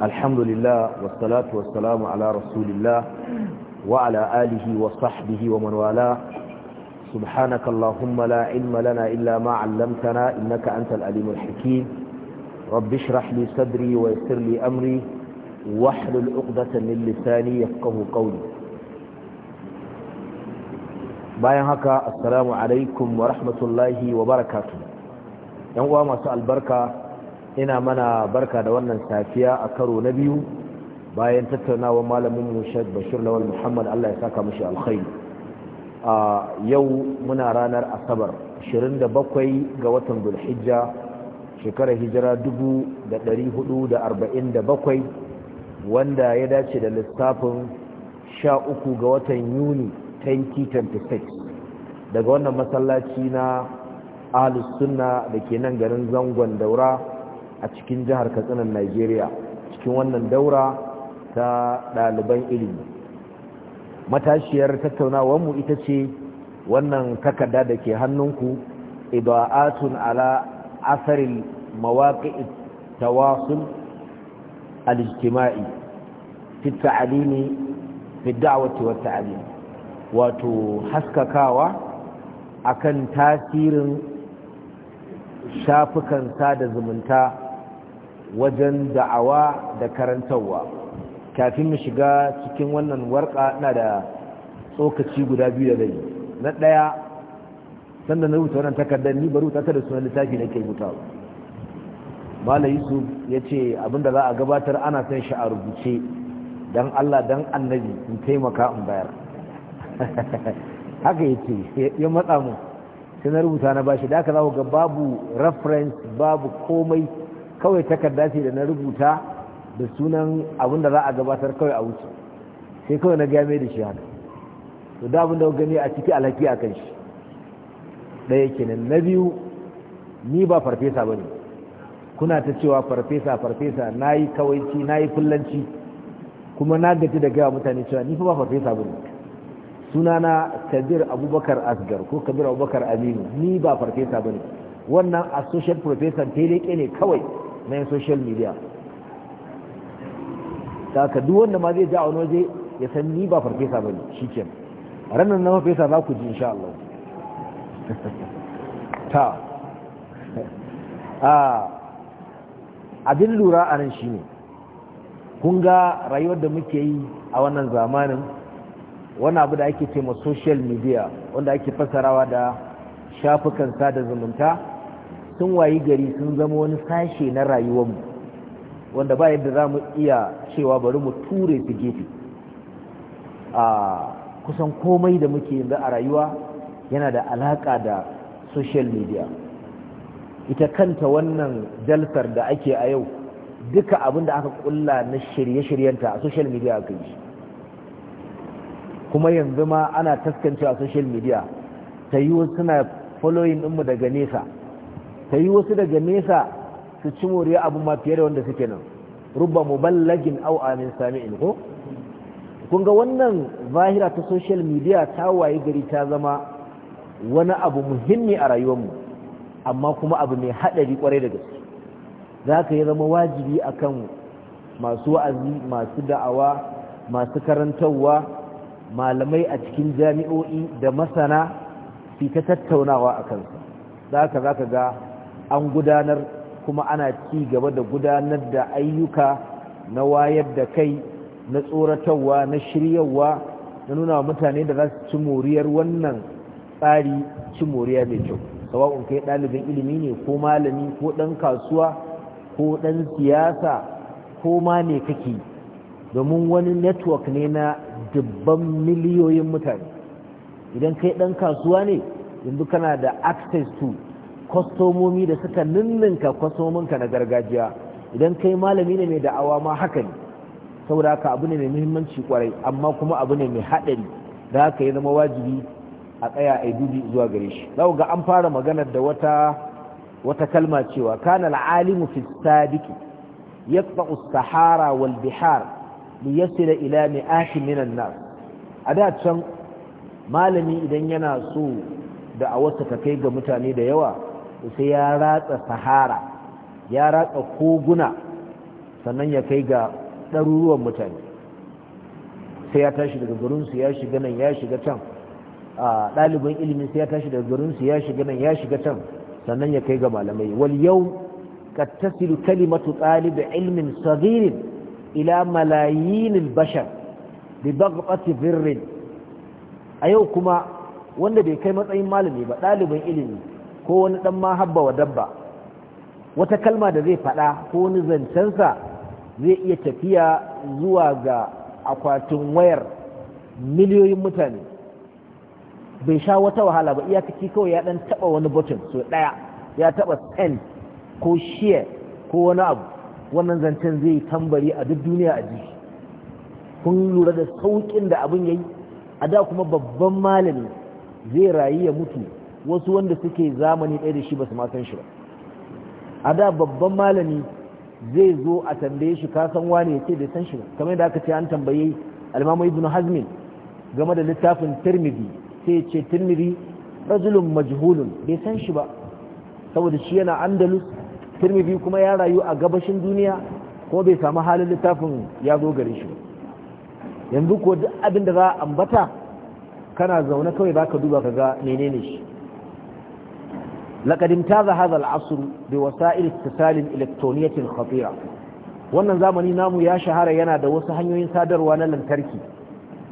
alhamdulillah wa salatu wa salamu ala rasulillah wa ala alihi wa sahbihi wa manwala wala la ilma lana illa ma 'allamtana innaka antal alimul hakim rabbi shrah li sadri wa yassir li amri wahlul 'uqdatan min lisani yafqahu qawli bayan haka assalamu alaykum wa rahmatullahi wa barakatu. yan uwa masu albarka ina mana barka da wannan safiya a karo na biyu bayan tattaunawa malamin mushad bashir lawal muhammad allah ya saka mashi alkhairi a yau muna ranar asabar 27 ga watan zulhijja shekarar hijira 1447 wanda ya dace da lissafin 13 ga watan yuni 2026 daga wannan masallaci na ahlus sunna da ke nan garin zangon daura a cikin jihar katsinan nigeria cikin wannan daura ta ɗaliban ilimi matashiyar tattaunawarmu ita ce wannan takarda da ke hannunku ibaatun ala asarin mawaƙi tawasul al-ijtima'i fita alini fi da'awati wata wato haskakawa akan tasirin shafukan sada zumunta wajen da'awa da karantarwa kafin mu shiga cikin wannan warka na da tsokaci guda biyu da zai na ɗaya sanda na rubuta wannan takardar ni baru rubuta ta sunan littafi nake rubuta Malam Yusuf ya ce abinda za a gabatar ana son shi a rubuce don Allah don annabi in taimaka in bayar haka ya ya matsa mu sai na rubuta na bashi da aka za ku ga babu reference babu komai kawai takarda ce da na rubuta da sunan abin da za a gabatar kawai a wuce sai kawai na game da shi haka to da abin da gani a ciki alhaki a kan shi ɗaya kenan na biyu ni ba farfesa ba ne kuna ta cewa farfesa farfesa na yi kawaici na yi fullanci kuma na gaji da gaya mutane cewa ni ba farfesa ba ne sunana kabir abubakar asgar ko kabir abubakar aminu ni ba farfesa ba ne wannan associate professor teleke ne kawai na yin social media ta ka duk wanda ma zai ja wani waje ya san ni ba farfesa ba ne shi ke ranar na farfesa za ku ji insha Allah ta abin lura a nan shi ne kun ga rayuwar da muke yi a wannan zamanin wani abu da ake ce ma social media wanda ake fasarawa da shafukan sada zumunta sun wayi gari sun zama wani sashe na rayuwar mu. wanda ba yadda za mu iya cewa bari mu ture su gefe a kusan komai da muke yanzu a rayuwa yana da alaƙa da social media ita kanta wannan jalsar da ake a yau duka abin da aka kulla na shirye-shiryenta a social media aka yi kuma yanzu ma ana taskancewa a social media ta yi suna following ɗinmu daga nesa ta yi wasu daga nesa su ci moriya abu ma fiye da wanda suke nan rubba muballagin au amin in ko kun ga wannan zahira ta social media ta waye gari ta zama wani abu muhimmi a rayuwar mu, amma kuma abu mai haɗari kwarai da gaske za ka yi zama wajibi akan masu wa'azi masu da'awa masu karantarwa malamai a cikin jami'o'i da masana fi ta tattaunawa a kansa za ka za ka ga an gudanar kuma ana ci gaba da gudanar da ayyuka na wayar da kai na tsoratarwa na shiryarwa na nuna mutane da za su ci moriyar wannan tsari ci moriya mai kyau sawa'un kai ɗalibin ilimi ne ko malami ko ɗan kasuwa ko ɗan siyasa ko ma ne kake domin wani network ne na dubban miliyoyin mutane idan kai ɗan kasuwa ne yanzu kana da access to kwastomomi da suka ninninka kwastomominka na gargajiya idan kai malami ne mai da'awa ma haka ne saboda haka abu ne mai muhimmanci kwarai amma kuma abu ne mai haɗari da haka ya zama wajibi a tsaya a dubi zuwa gare shi za ga an fara maganar da wata kalma cewa kana al'alimu fi sadiki yaqta'u sahara wal bihar li yasila ila mi'ati minan nas a da can malami idan yana so da a wasu ta kai ga mutane da yawa sai ya ratsa sahara ya ratsa koguna sannan ya kai ga ɗaruruwan mutane sai ya tashi daga garinsu ya shiga nan ya shiga can a ɗaliban ilimi sai ya tashi daga garinsu ya shiga nan ya shiga can sannan ya kai ga malamai wal yau kattasilu kalimatu ɗalibi ilmin sagirin ila malayinin bashar bi bagbati birrin a yau kuma wanda bai kai matsayin malami ba ɗaliban ilimi ko wani dan ma habba wa dabba wata kalma da zai faɗa ko wani zancensa zai iya tafiya zuwa ga akwatin wayar miliyoyin mutane bai sha wata wahala ba iya iyakaci kawai ya dan taba wani button so ɗaya ya taba send ko share ko wani abu wannan zancen zai tambari a duk duniya a ji kun lura da saukin da abin yayi a da kuma babban malami zai rayu ya mutu wasu wanda suke zamani ɗaya da shi ba su ma san shi ba a da babban malami zai zo a tambaye shi ka san ya ce bai san shi ba kamar yadda aka ce an tambaye almamu ibn hazmin game da littafin tirmidhi sai ce tirmidhi rajulun majhulun bai san shi ba saboda shi yana andalus tirmidhi kuma ya rayu a gabashin duniya ko bai samu halin littafin ya zo gare shi yanzu ko duk abin da za a ambata kana zaune kawai baka duba ka ga menene shi لقد امتاز هذا العصر بوسائل اتصال الإلكترونية خطيرة wannan zamanin namu ya shahara yana da wasu hanyoyin sadarwa na lantarki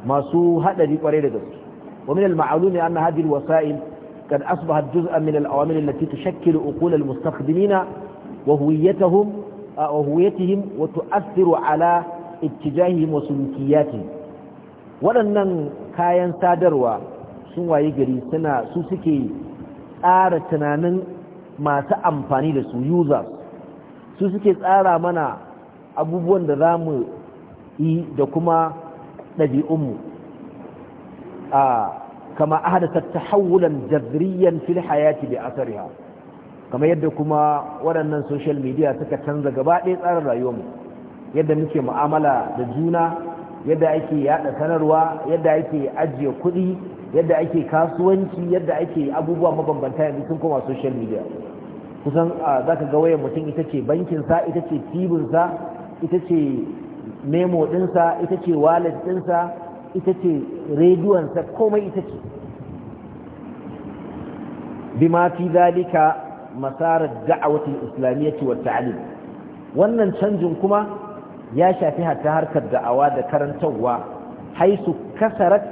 masu haɗari kwarai da gaske wa min al-ma'lumi anna hadhihi al-wasa'il kad asbahat juz'an min al-awamil allati tushakkilu uqul al-mustakhdimina wa huwiyyatahum wa huwiyyatihim wa tu'athiru ala ittijahihim wa waɗannan kayan sadarwa sun waye gari suna su suke tsara tunanin masu amfani da su users su suke tsara mana abubuwan da za mu yi da kuma ɗabi'unmu a kama ta tahawulan jazriyan fil hayati bi asariha kamar yadda kuma waɗannan social media suka canza gaba ɗaya tsarin rayuwarmu yadda muke mu'amala da juna yadda ake yada sanarwa yadda ake ajiye kuɗi yadda ake kasuwanci yadda ake abubuwa mabambanta yanzu sun koma social media kusan za ka ga wayan mutum ita ce bankinsa ita ce tibinsa ita ce memo ɗinsa ita ce wallet ɗinsa ita ce rediyonsa komai ita ce bima fi zalika masarar da'awatul islamiyyati wa ta'lim wannan canjin kuma ya shafi hatta harkar da'awa da karantarwa haisu kasarat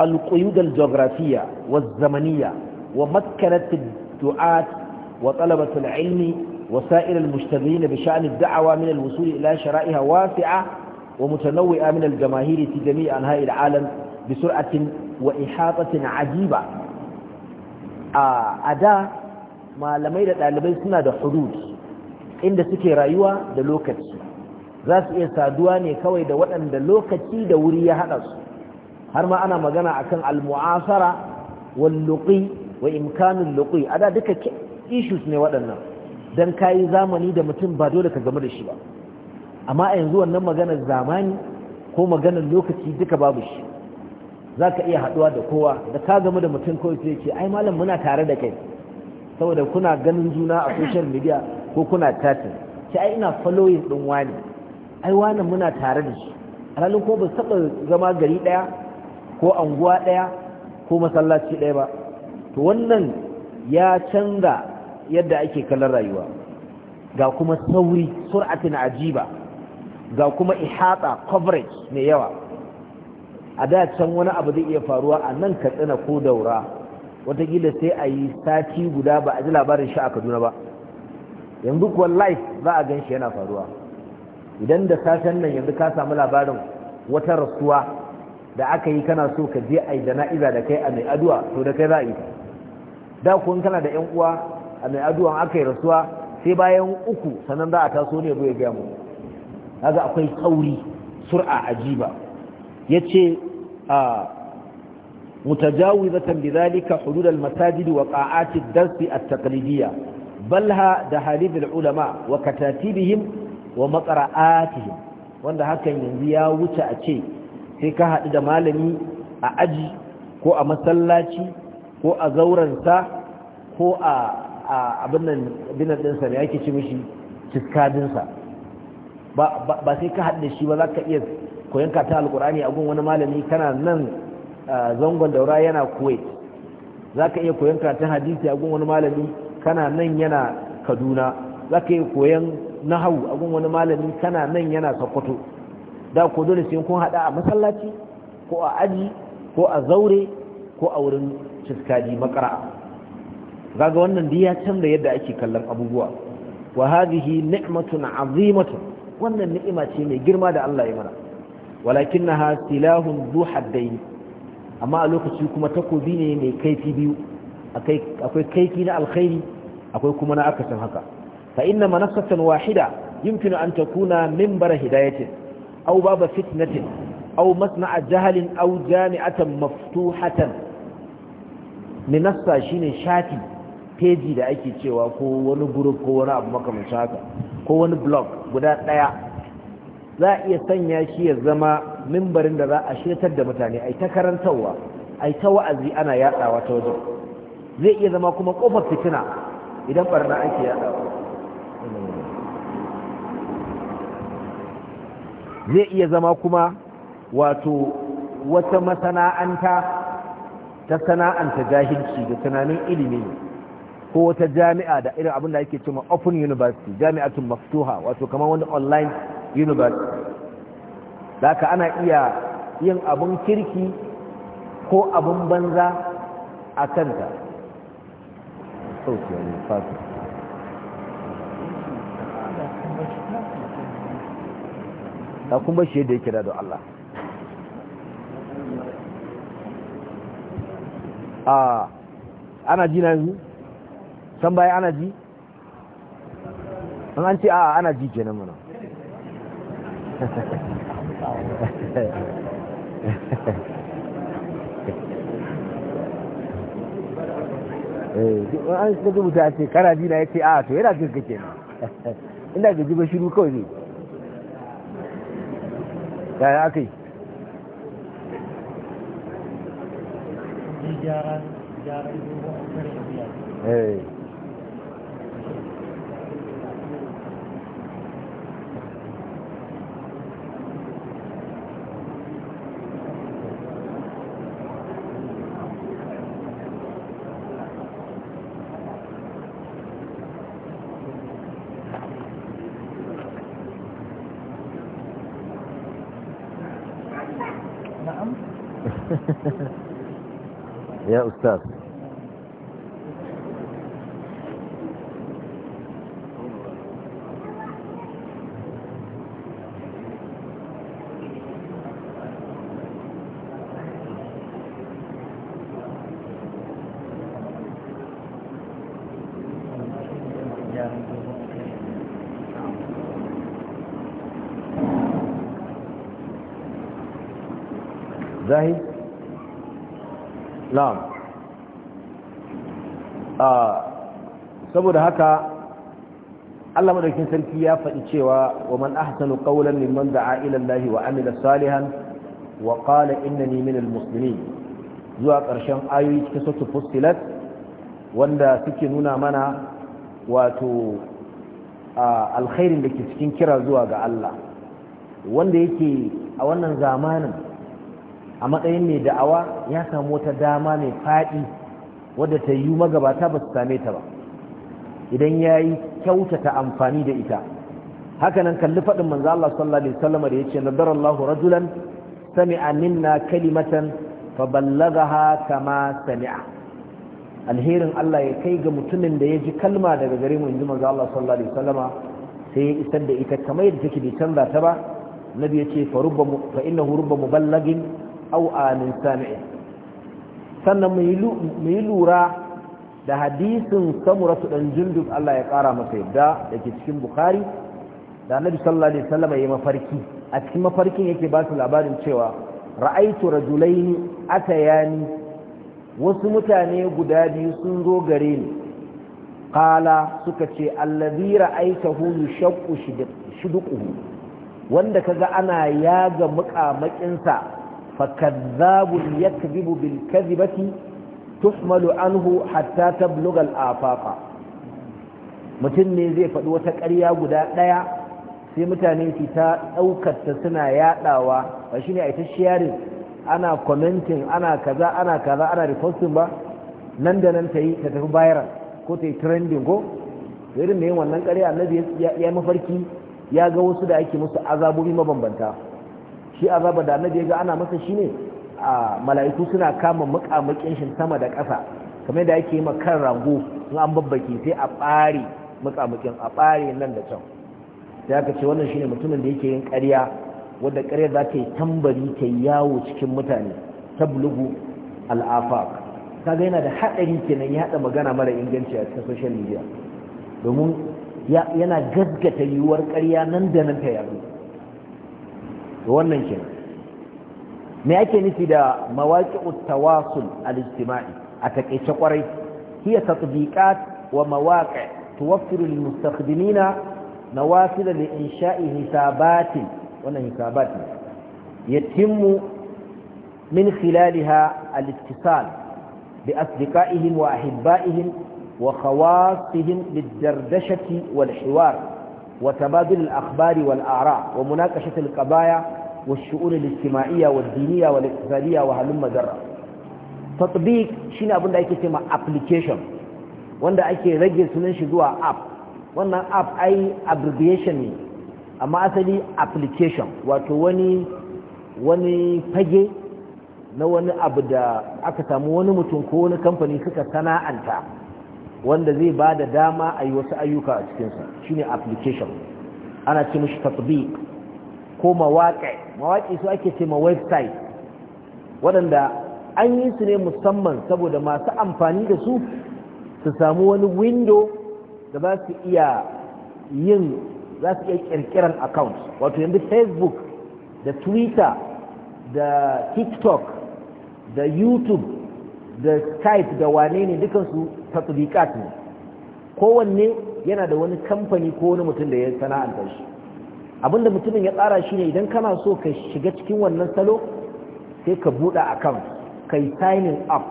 القيود الجغرافية والزمنية ومكنت الدعاة وطلبة العلم وسائر المشتغلين بشأن الدعوة من الوصول إلى شرائها واسعة ومتنوعة من الجماهير في جميع أنحاء العالم بسرعة وإحاطة عجيبة أداة ما لمي لتعلمين سنة دا حدود عند سكي رأيوة دا لوكتي ذات إيسادواني كوي دا وطن دا لوكتي دا وريا هنسو har ma ana magana akan al-mu'asara wal luqi wa imkanul luqi ada duka issues ne waɗannan dan kai zamani da mutum ba dole ka gamu da shi ba amma a yanzu wannan maganar zamani ko maganar lokaci duka babu shi zaka iya haduwa da kowa da ka gamu da mutum kawai sai ce ai malam muna tare da kai saboda kuna ganin juna a social media ko kuna chatting sai ai ina following din wani ai wani muna tare da shi ranar ko ba saba zama gari daya ko anguwa ɗaya ko masallaci ɗaya ba to wannan ya canza yadda ake kallon rayuwa ga kuma sauri sur'atin ajiba ga kuma ihata coverage mai yawa a da can wani abu zai iya faruwa a nan katsina ko daura watakila sai a yi sati guda ba a ji labarin shi a kaduna ba yanzu kuwa life za a gan yana faruwa idan da safen nan yanzu ka samu labarin wata rasuwa da aka yi kana so ka je a yi jana'iza da kai a mai aduwa to da kai za a yi da kun kana da yan uwa a mai addu'a aka yi rasuwa sai bayan uku sannan za a taso ne ya gaya mu kaga akwai sauri sur'a ajiba yace a mutajawizatan bidhalika hudud al-masajid wa qa'at ad-dars at-taqlidiyya balha da halid al-ulama wa katatibihim wa maqra'atihim wanda hakan yanzu ya wuce a ce sai ka haɗu da malami a aji ko a masallaci ko a zauransa ko a abinan ɗinsa da yake ci mishi ciskadinsa ba sai ka haɗu da shi ba za ka iya koyon ta alkurani a gun wani malami kana nan zangon daura yana kuwait za ka iya koyon ta hadisi a gun wani malami kana nan yana kaduna za ka iya koyon nahau a gun wani malami kana nan yana sokoto da ko dole sai kun hada a masallaci ko a aji ko a zaure ko a wurin ciskadi makara'a kaga wannan diya canza yadda ake kallon abubuwa wa hadhihi ni'matun 'azimatun wannan ni'ima ce mai girma da Allah ya mana walakinnaha silahun zu amma a lokaci kuma takobi ne mai kaifi biyu akwai kaifi na alkhairi akwai kuma na akasin haka fa inna manassatan wahida yumkinu an takuna bara hidayatin au baba fitnatin aw masna'a jahalin aw jami'atan maftuhatan minassa shine shafi peji da ake cewa ko wani group ko wani abu makamancin ko wani blog guda ɗaya za a iya sanya shi ya zama mimbarin da za a shirtar da mutane ai ta karantarwa ai ta wa'azi ana yadawa ta wajen zai iya zama kuma kofar fitina idan barna ake yadawa zai iya zama kuma wato wata masana'anta ta sana'anta jahilci da tunanin ilimi ko wata jami'a da irin abin da ake cewa open university jami'atun maftuha wato kamar wani online university laka ana iya yin abun kirki ko abun banza a kanta ne fasa da kun bashi yadda yake da don Allah a ana ji na yanzu san baya ana ji an ce a ana ji kenan muna eh, an ji rubuta ce kana ji na ya ce a to yana jin kake inda ga ji shiru kawai ne yaya aka yi gyaran gyaran dogon ya ustaz saboda haka Allah madaukakin sarki ya faɗi cewa wa man ahsanu qawlan mimman da'a ila Allah wa amila salihan wa qala innani min muslimin zuwa ƙarshen ayoyi cikin suratul fussilat wanda suke nuna mana wato alkhairin da ke cikin kira zuwa ga Allah wanda yake a wannan zamanin a matsayin mai da'awa ya samu wata dama mai faɗi wadda ta yi magabata ba su same ta ba idan ya yi kyautata amfani da ita hakanan kalli faɗin manzo Allah sallallahu alaihi wasallam da yace nadarallahu rajulan sami'a minna kalimatan ballagaha kama sami'a alherin Allah ya kai ga mutumin da ya ji kalma daga gare mu inji manzo Allah sallallahu alaihi wasallam sai ya isar da ita kamar yadda take bai canza ta ba nabi yace fa rubba fa innahu rubba muballagin aw amin sami'in sannan mu yi lura da hadisin samuratu ɗan jundub Allah ya ƙara masa yadda ke cikin bukhari da annabi sallallahu alaihi wasallam yayi mafarki a cikin mafarkin yake ba su labarin cewa ra'aitu rajulaini yani wasu mutane guda biyu sun zo gare ni qala suka ce allazi ra'aitahu yushaqqu shiduquhu wanda kaga ana yaga muƙamakinsa fa kadzabun yakzibu bil kadhibati tuhmalu anhu hatta tablugha al-afaqa mutum ne zai faɗi wata ƙarya guda ɗaya sai mutane su ta ɗaukar ta suna yaɗawa ba shine a ta sharing ana commenting ana kaza ana kaza ana reposting ba nan da nan ta yi ta tafi viral ko ta yi trending ko irin da yin wannan ƙarya annabi ya mafarki ya ga wasu da ake musu azabobi mabambanta shi azaba da annabi ya ga ana masa shine mala'iku suna kama muƙamuƙin shi sama da ƙasa kamar da yake yi ma kan rago in an babbake sai a ɓare muƙamuƙin a ɓare nan da can sai aka ce wannan shine mutumin da yake yin ƙarya wadda ƙarya za ta yi tambari ta yawo cikin mutane ta tablugu al'afa. kaga yana da haɗari kenan ya haɗa magana mara inganci a cikin social media domin yana gaggata yiwuwar ƙarya nan da nan ta yaɗu wannan kenan me yake nufi da mawaqi'ut tawasul al-ijtima'i a takeice kwarai hiya tatbiqat wa mawaqi' tuwaffiru lil mustakhdimina nawasil li insha'i hisabati wannan hisabati yatimmu min khilaliha al-ittisal bi asdiqa'ihim wa ahibba'ihim wa khawasihim lid-dardashati wal-hiwar wa tabadul al-akhbari wal-a'ra' wa munaqashati al القضايا والشؤون الاجتماعية والدينية والاقتصادية وهلم جرة تطبيق شين أبن دا أكي تيما application وان دا أكي رجل سننشي دوا app wannan app ai abbreviation ne amma asali application wato wani wani fage na wani abu da aka samu wani mutum ko wani kamfani suka sana'anta wanda zai ba da dama a yi wasu ayyuka a cikinsa shine application ana ce mashi tatbiq ko mawaƙi mawaƙi su ake ce ma website waɗanda an yi su ne musamman saboda masu amfani da su su samu wani window da za su iya yin za su iya ƙirƙiran account wato yanzu facebook da twitter da tiktok da youtube da skype da wane ne dukansu tatbikat ne kowanne yana da wani kamfani ko wani mutum da ya sana'antar shi abinda mutumin ya tsara shi ne idan kana so ka shiga cikin wannan salo sai ka buɗe account kai signing up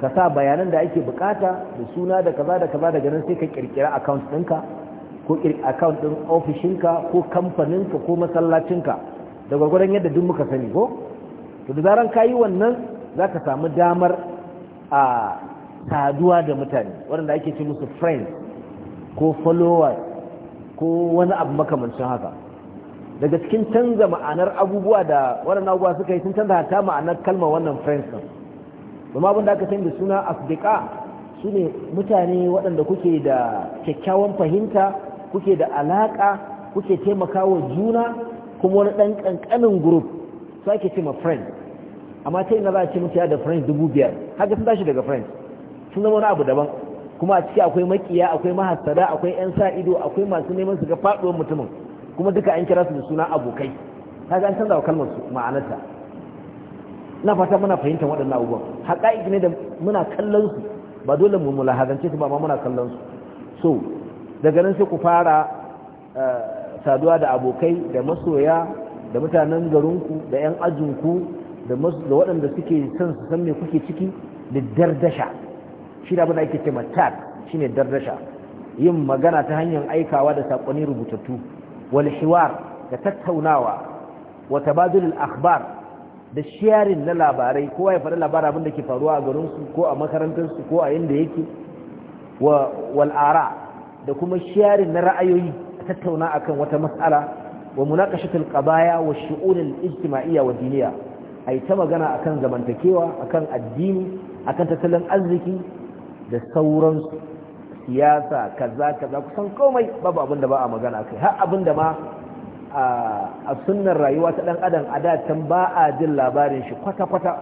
ka sa bayanan da ake bukata da suna da kaza da kaza daga nan sai ka kirkira account ɗinka ko account ɗin ofishinka ko kamfaninka ko masallacinka da gwargwaron yadda duk muka sani ko to da zaran ka yi wannan za ka samu damar a saduwa da mutane waɗanda ake ce musu friends ko followers ko wani abu makamancin haka daga cikin canza ma'anar abubuwa da waɗannan abubuwa suka yi sun canza hata ma'anar kalmar wannan friends ɗin kuma abin da aka canza da suna afrika su ne mutane waɗanda kuke da kyakkyawan fahimta kuke da alaƙa kuke taimakawa juna kuma wani ɗan ƙanƙanin group su ake ce ma amma ta ina za a ce mutu ya da friends dubu biyar haka sun tashi daga friends sun zama wani abu daban kuma a ciki akwai makiya akwai mahassada akwai yan sa ido akwai masu neman su ga faduwar mutumin kuma duka an kira su da suna abokai kaga an canza wa kalmar su ma'anarta na fata muna fahimtar waɗannan abubuwan haƙa'iƙi ne da muna kallon su ba dole mu mulahazance su ba amma muna kallon su so daga nan sai ku fara eh, saduwa da abokai da masoya da mutanen garinku da 'yan ajinku da waɗanda suke san su san me kuke ciki da dardasha shi da abin da ake cewa tag shine dardasha yin magana ta hanyar aikawa da sakonni rubutattu wal hiwar da tattaunawa wa tabadulul akhbar da sharing na labarai kowa ya faɗi labarin abin da ke faruwa a garin su ko a makarantar su ko a yanda yake wa wal ara da kuma sharing na ra'ayoyi tattauna akan wata mas'ala wa munaqashatul qabaya wa shu'unil ijtima'iyya wa diniya ai ta magana akan zamantakewa akan addini akan tattalin arziki da sauransu siyasa kaza kaza kusan komai babu abin da ba a magana kai har abin da ma a sunnar rayuwa ta dan adam a da can ba a jin labarin shi kwata-kwata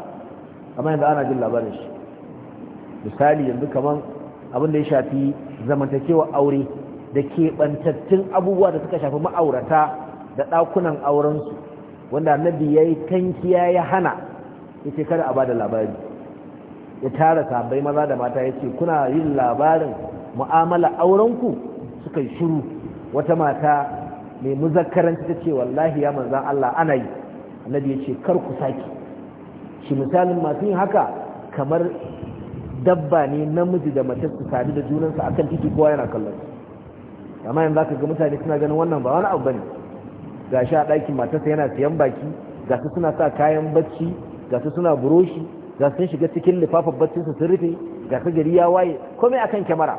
amma yanzu ana jin labarin shi misali yanzu kaman abin da ya shafi zamantakewa aure da keɓantattun abubuwa da suka shafi ma'aurata da ɗakunan aurensu wanda annabi ya yi tankiya ya hana ya ce kada a ba da labari ya tara sabai maza da mata ya ce kuna yin labarin mu'amala aurenku suka yi shiru wata mata mai muzakkaranci ta ce wallahi ya manzan Allah ana yi annabi ya ce kar ku saki shi misalin masu yin haka kamar dabba ne namiji da mace su sadu da junansa akan titi kowa yana kallon amma yanzu zaka ga mutane suna ganin wannan ba wani abu bane gashi a ɗakin matarsa yana siyan baki gasu suna sa kayan bacci gasu suna buroshi za sun shiga cikin lifafin baccinsu sun rufe ga su gari ya waye komai akan kyamara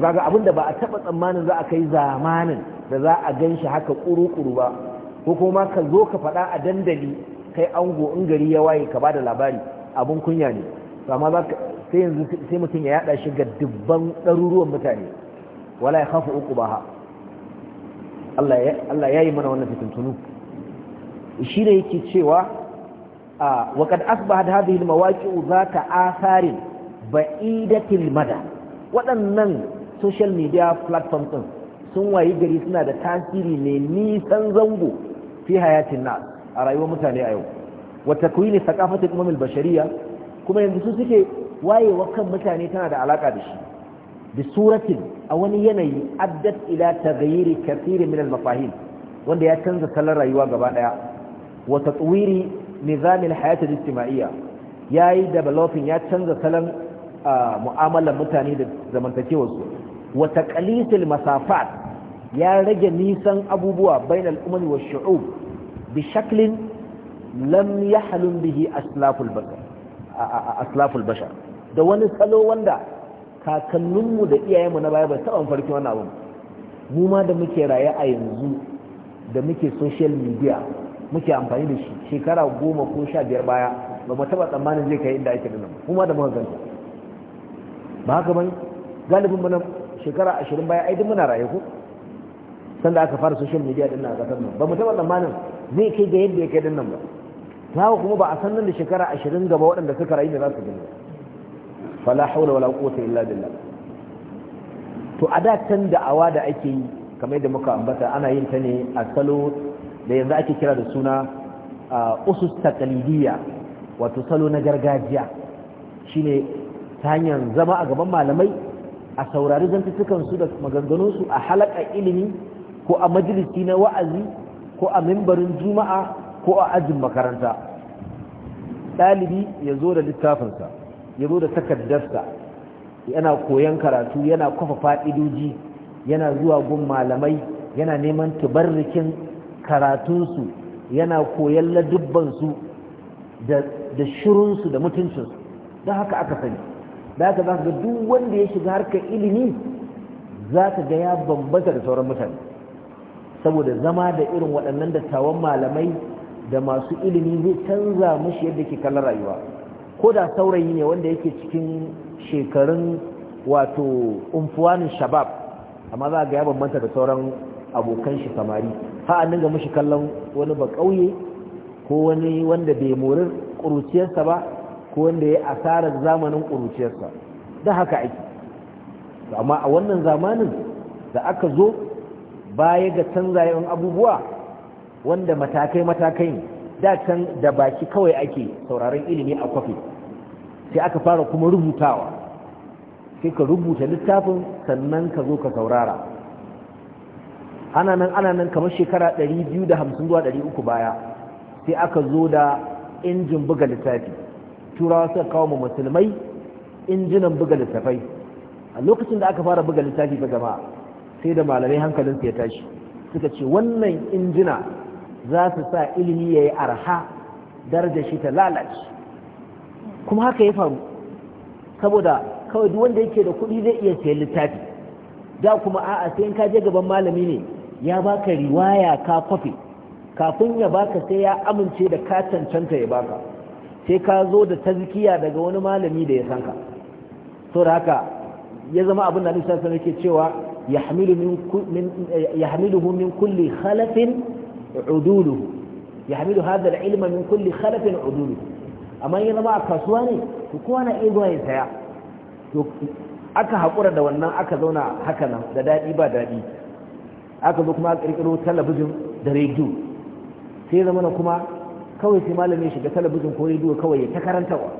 kaga abin da ba a taɓa tsammanin za a kai zamanin da za a gan shi haka ƙuru-ƙuru ba ko kuma ka zo ka faɗa a dandali kai ango in gari ya waye ka ba da labari abin kunya ne amma sai mutum ya yaɗa shi ga dubban ɗaruruwan mutane wala ya hafa uku ba Allah ya yi mana wannan fitintunu shi ne yake cewa وقد أصبحت هذه المواقع ذات آثار بعيدة المدى waɗannan social media platform ɗin sun wayi gari suna da tasiri mai nisan zango fi hayatin na a rayuwar mutane a yau wata kuyi ne sakafatin umar bashariya kuma yanzu su suke wayewa kan mutane tana da alaka da shi da suratin a wani yanayi addat ila gayiri kathirin min al-mafahim wanda ya canza salon rayuwa gaba daya wata tsawiri nizamin hayatul ya yayi developin ya canza salon mu'amalar mutane da zamantakewarsu wata kalisil taqlisil masafat ya rage nisan abubuwa bainal umami wa shu'ub bi shaklin lam yahlum bihi aslaful bashar aslaful da wani salo wanda kakanninmu da iyayenmu na baya ba taɓa farki wani abu. mu ma da muke raye a yanzu da muke social media muke amfani da shi shekara goma ko sha biyar baya ba mu taɓa tsammanin zai kai inda ake nuna kuma da muka ganta ba haka bane galibin mu na shekara ashirin baya ai duk muna raye ko sanda aka fara social media din na kasar nan ba mu taɓa tsammanin zai kai ga yadda ya kai din nan ba haka kuma ba a san nan da shekara ashirin gaba waɗanda suka rayu da za su gani fala haula wala quwwata illa billah to a da can da'awa da ake yi kamar yadda muka ambata ana yin ta ne a salo da yanzu ake kira da suna usus taqlidiyya wato salo na gargajiya shine ta hanyar zama a gaban malamai a saurari zantukan su da maganganun su a halaka ilimi ko a majalisi na wa'azi ko a mimbarin juma'a ko a ajin makaranta dalibi ya zo da littafinsa ya zo da takardarsa yana koyon karatu yana kwafa fa'idoji yana zuwa gun malamai yana neman tubarrikin Karatun su yana koyan su da shirinsu da mutuncinsu don haka aka sani da haka za ka ga duk wanda ya shiga harkar ilimi za ka ga ya bambanta da sauran mutane saboda zama da irin waɗannan dattawan malamai da masu ilimi zai canza mashi yadda ke kallon rayuwa ko da saurayi ne wanda yake cikin shekarun wato umfuwanin shabab amma za ga ya bambanta da sauran abokan shi samari ha an ga kallon wani ba kauye ko wani wanda bai mori ƙuruciyarsa ba ko wanda ya asarar zamanin ƙuruciyarsa da haka aiki. amma a wannan zamanin da aka zo baya ga canza canzayen abubuwa wanda matakai-matakai ne da can da baki kawai ake sauraron ilimi a kwafi sai aka fara kuma rubutawa sai ka rubuta littafin sannan ka zo ka saurara ana nan ana nan kamar shekara 250 zuwa 300 baya sai aka zo da injin buga littafi turawa suka kawo ma musulmai injinan buga littafai a lokacin da aka fara buga littafi ba gaba sai da malamai hankalin su ya tashi suka ce wannan injina za su sa ilimi ya yi arha darajar shi ta lalace kuma haka ya faru saboda kawai duk wanda yake da kuɗi zai iya sayan littafi da kuma a'a sai in ka je gaban malami ne ya baka riwaya ka kwafe kafin ya baka sai ya amince da ka cancanta ya baka sai ka zo da tazkiya daga wani malami da ya san ka to da haka ya zama abin da Alisa sanar ke cewa yahmiluhu min kulli khalafin uduluhu yahmilu hadha al min kulli khalafin uduluhu amma ya zama a kasuwa ne to kowa na iya zuwa ya saya to aka haƙura da wannan aka zauna haka nan da daɗi ba daɗi aka zo kuma kirkiro talabijin da rediyo sai zama na kuma kawai sai malamin shiga talabijin ko rediyo kawai ya ta karantawa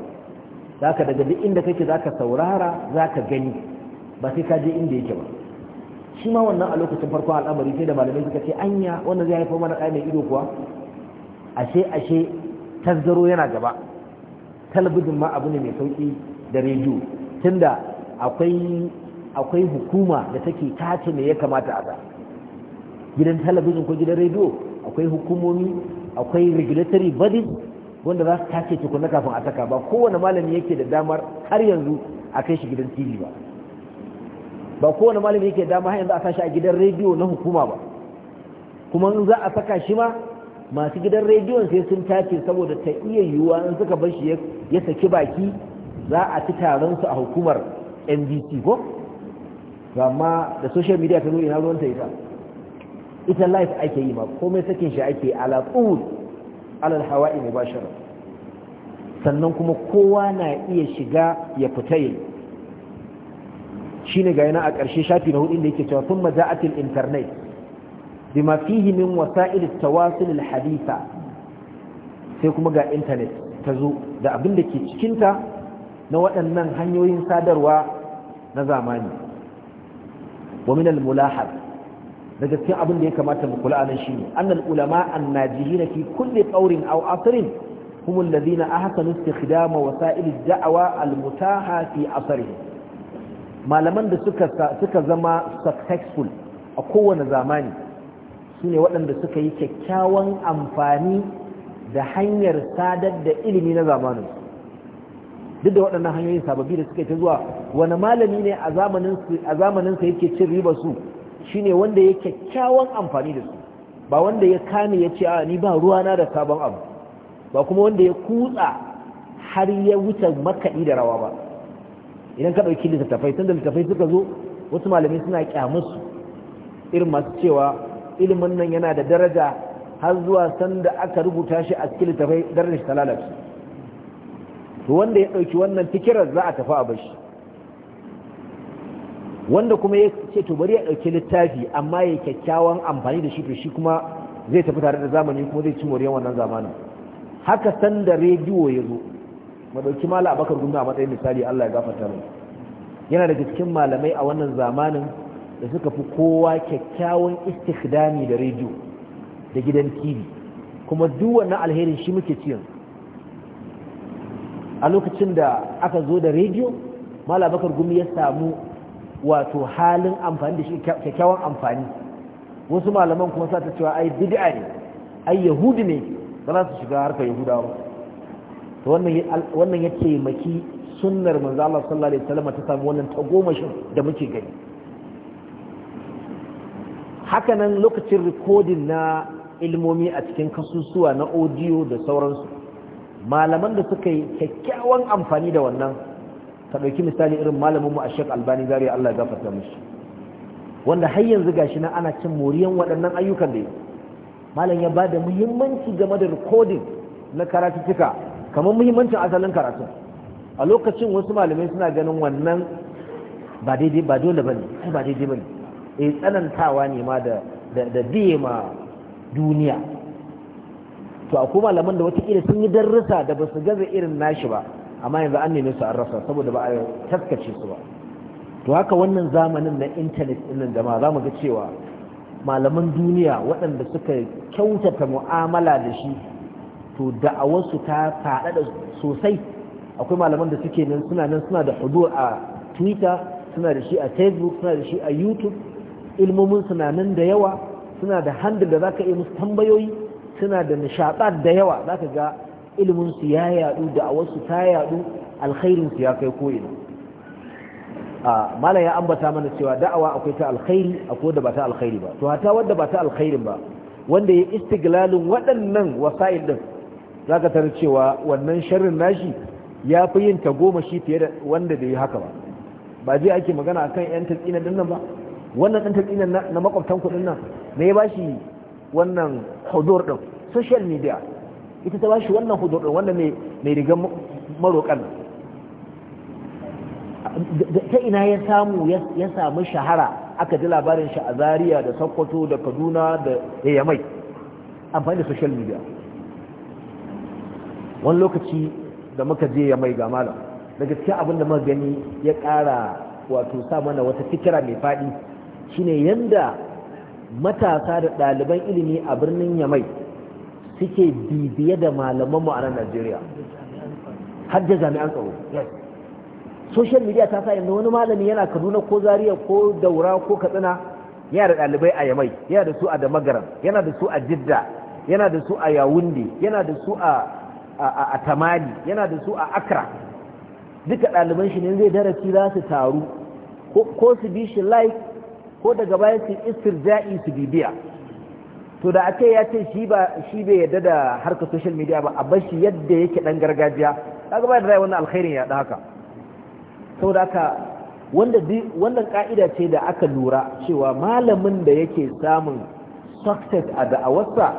za ka daga duk inda kake za ka saurara za ka gani ba sai ka je inda yake ba shi ma wannan a lokacin farko al'amari sai da malamai suka ce anya wanda zai haifar mana ɗaya mai ido kuwa ashe ashe tazzaro yana gaba talabijin ma abu ne mai sauki da rediyo tunda akwai akwai hukuma da take tace me ya kamata a gidan talabijin ko gidan rediyo akwai hukumomi akwai regulatory bodies wanda za su tace tukuna kafin a saka ba kowane malami yake da damar har yanzu a kai shi gidan tv ba ba kowane malami yake da damar har yanzu a sashi a gidan rediyo na hukuma ba kuma in za a saka shi ma masu gidan rediyon sai sun tace saboda ta iya yiwuwa in suka bar shi ya saki baki za a ci taron su a hukumar mbc ko amma da social media ta zo ina ruwan ta ita ita life ake yi ma komai sakin shi ake ala tsul alal hawa'i mubashara sannan kuma kowa na iya shiga ya fita yi shine ga yana a ƙarshe shafi na hudu da yake cewa thumma ja'at al-internet bima fihi min wasa'il at-tawasul haditha sai kuma ga internet ta zo da abin da ke cikin ta na waɗannan hanyoyin sadarwa na zamani wa min al-mulahaz da gaske abin da ya kamata mu kula nan shine annal ulama annajihina fi kulli qawrin aw asrin hum alladhina ahsanu istikhdam wasa'il ad-da'wa al-mutaha fi asrihi malaman da suka suka zama successful a kowane zamani sune waɗanda suka yi kyakkyawan amfani da hanyar sadar da ilimi na zamanin duk da waɗannan hanyoyin sababbi da suka yi ta zuwa wani malami ne a zamanin sa yake cin riba su Shi ne wanda ya kyakkyawan amfani da su ba wanda ya kame ya ce a ni ba ruwana da sabon abu ba kuma wanda ya kutsa har ya wuce makaɗi da rawa ba idan ka ɗauki littattafai da littattafai suka zo wasu malamai suna kyamusu irin masu cewa ilimin nan yana da daraja har zuwa sanda aka rubuta shi a cikin littattafai darajar shi ta lalace to wanda ya ɗauki wannan fikirar za a tafi a shi. wanda kuma ya ce to bari ya ɗauki littafi amma ya kyakkyawan amfani da shi to shi kuma zai tafi tare da zamani kuma zai ci moriyar wannan zamanin haka sanda rediyo ya zo ma ɗauki mala abakar gunda a matsayin misali allah ya gafarta mai yana daga cikin malamai a wannan zamanin da suka fi kowa kyakkyawan istikdami da rediyo da gidan tv kuma duk wannan alherin shi muke ci a lokacin da aka zo da rediyo mala bakar gumi ya samu wato halin amfani da shi kyakkyawan amfani wasu malaman kuma sa ta cewa ai bid'a ne ai yahudi ne ba za su shiga harka yahudawa ba to wannan wannan ya taimaki sunnar manzo Allah sallallahu alaihi wasallam ta samu wannan tagomashin da muke gani haka nan lokacin recording na ilmomi a cikin kasusuwa na audio da sauransu malaman da suka yi kyakkyawan amfani da wannan ka dauki misali irin malaminmu a shek albani zariya allah ya gafarta musu wanda har yanzu gashi na ana cin moriyan waɗannan ayyukan da yi malam ya bada da muhimmanci game da rikodin na tuka kamar muhimmancin asalin karatu a lokacin wasu malamai suna ganin wannan ba daidai ba dole ba ne ba daidai ba eh tsanantawa ne ma da da biye ma duniya to akwai malaman da wata kila sun yi darrusa da basu gaza irin nashi ba amma yanzu an neme su an rasa saboda ba a taskace su ba to haka wannan zamanin na intanet ɗin ma za mu ga cewa malaman duniya waɗanda suka kyautata mu'amala da shi to wasu ta faɗaɗa sosai akwai malaman da suke nan suna nan suna da hudu a twitter suna da shi a facebook suna da shi a youtube ilmomin suna nan da yawa suna da handle da zaka iya musu tambayoyi suna da nishaɗa da yawa zaka ga ilimin su ya yadu da wasu ta yadu alkhairin ya kai ko'ina a mala ya ambata mana cewa da'awa akwai ta alkhairi akwai da ba ta alkhairi ba to hata wanda ba ta alkhairin ba wanda ya istiglalin waɗannan wasa'il din zaka tarar cewa wannan sharrin nashi ya fi yin ta goma shi fiye da wanda bai yi haka ba ba je ake magana akan yan tatsina din nan ba wannan dan tatsina na makwabtan kuɗin nan me ya bashi wannan hudur din social media ita ta bashi wannan hudur din wannan mai rigan marokan ta ina ya samu ya samu shahara aka ji labarin shi a zariya da Sokoto da Kaduna da Yamai amfani da social media wani lokaci da muka je Yamai ga malam daga cikin abin da gani ya ƙara wato sa mana wata fikira mai faɗi shine yanda matasa da ɗaliban ilimi a birnin Yamai suke bibiye da malaman mu a nan Najeriya har da jami'an tsaro social media ta sa yanzu wani malami yana Kaduna ko Zaria ko Daura ko Katsina yana da ɗalibai a Yamai yana da su a Damagaram yana da su a Jidda yana da su a Yawunde yana da su a Tamali yana da su a Accra duka ɗaliban shi ne zai darasi za su taru ko su bi shi like ko daga baya su istirja'i su bibiya to da ake ya ce shi ba shi bai yadda da harka social media ba a bar shi yadda yake dan gargajiya kaga ba da rai wannan alkhairin ya da haka da haka wanda wannan ka'ida ce da aka lura cewa malamin da yake samun success a da'awarsa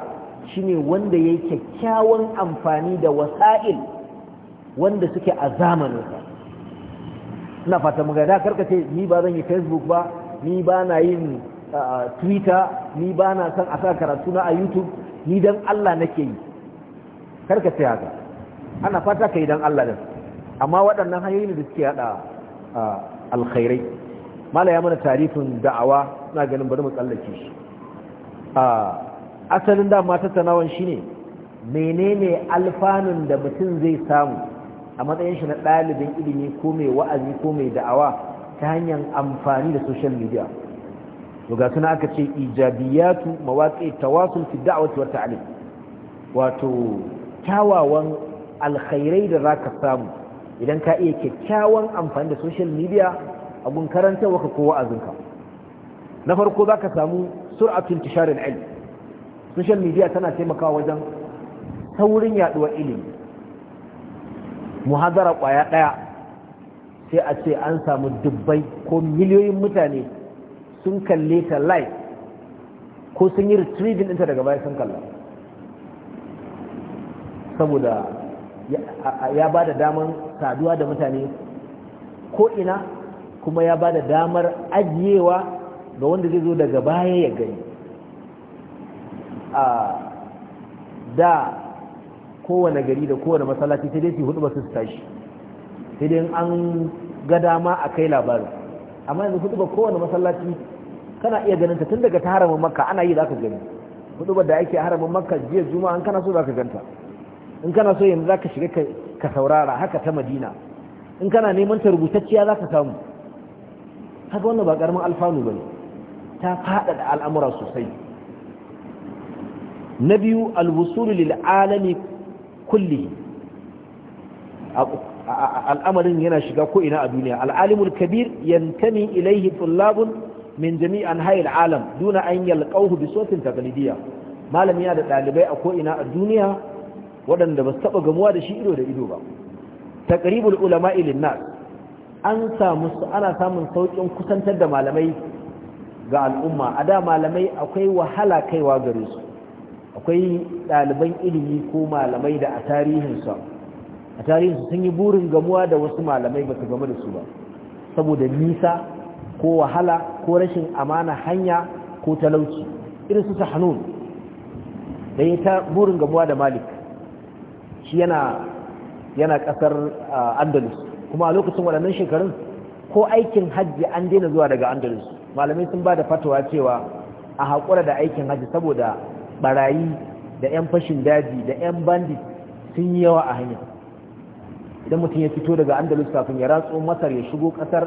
shine wanda yayi kyakkyawan amfani da wasa'il wanda suke a sa ina fata mu ga da karkace ni ba zan yi facebook ba ni ba na yin twitter ni ba na son a sa karatu na a youtube ni don allah nake yi karka ce haka ana fata ka yi don allah din amma waɗannan hanyoyin da suke haɗa alkhairai mala ya mana tarihin da'awa na ganin bari mu tsallake shi asalin dama tattaunawan shine menene alfanun da mutum zai samu a matsayin shi na ɗalibin ilimi ko mai wa'azi ko mai da'awa ta hanyar amfani da social media to ga suna aka ce ijabiyatu mawaqi tawasul fi da'wati wa ta'lim wato kyawawan alkhairai da zaka samu idan ka iya kyakkyawan amfani da social media gun karanta waka ko wa'azinka na farko zaka samu sur'atu intishar al-ilm social media tana taimakawa wajen saurin yaduwar ilimi muhadara kwaya daya sai a ce an samu dubbai ko miliyoyin mutane sun kalle ta live ko sun yi retrieving ɗinta daga baya sun kalla saboda ya ba da damar saduwa da mutane ko ina kuma ya ba da damar ajiyewa ga wanda zai zo daga baya ya gani a da kowane gari da kowane masallaci sai dai su hudu ba su tashi sai dai an ga dama a kai labarin amma yanzu hudu ba kowane masallaci kana iya ganin ta tun daga ta haramun makka ana yi za ka gani hudu ba da ake haramun makka jiya juma'a in kana so za ka ganta in kana so yanzu za ka shiga ka saurara haka ta madina in kana neman ta rubutacciya za ka samu haka wannan ba karamin alfanu ba ne ta da al'amura sosai na biyu alwusulu lil alami kulli al'amarin yana shiga ko'ina a duniya al'alimul kabir yantami ilaihi tullabun min jami'an an hayar alam duna an yalqahu bi sautin taqlidiyya malami ya da ɗalibai a ko'ina a duniya waɗanda ba su taɓa gamuwa da shi ido da ido ba taqribul ulama ilin nas an samu ana samun saukin kusantar da malamai ga al'umma a da malamai akwai wahala kaiwa gare su akwai ɗaliban ilimi ko malamai da a tarihinsa a tarihinsu sun yi burin gamuwa da wasu malamai ba su game da su ba saboda nisa ko wahala ko rashin amana hanya ko talauci irin su sahanun da ya ta burin gamuwa da malik shi yana yana kasar andalus kuma a lokacin waɗannan shekarun ko aikin hajji an daina zuwa daga andalus malamai sun ba da fatawa cewa a haƙura da aikin hajji saboda barayi da 'yan fashin daji da 'yan bandit sun yi yawa a hanyar idan mutum ya fito daga andalus kafin ya ratso masar ya shigo kasar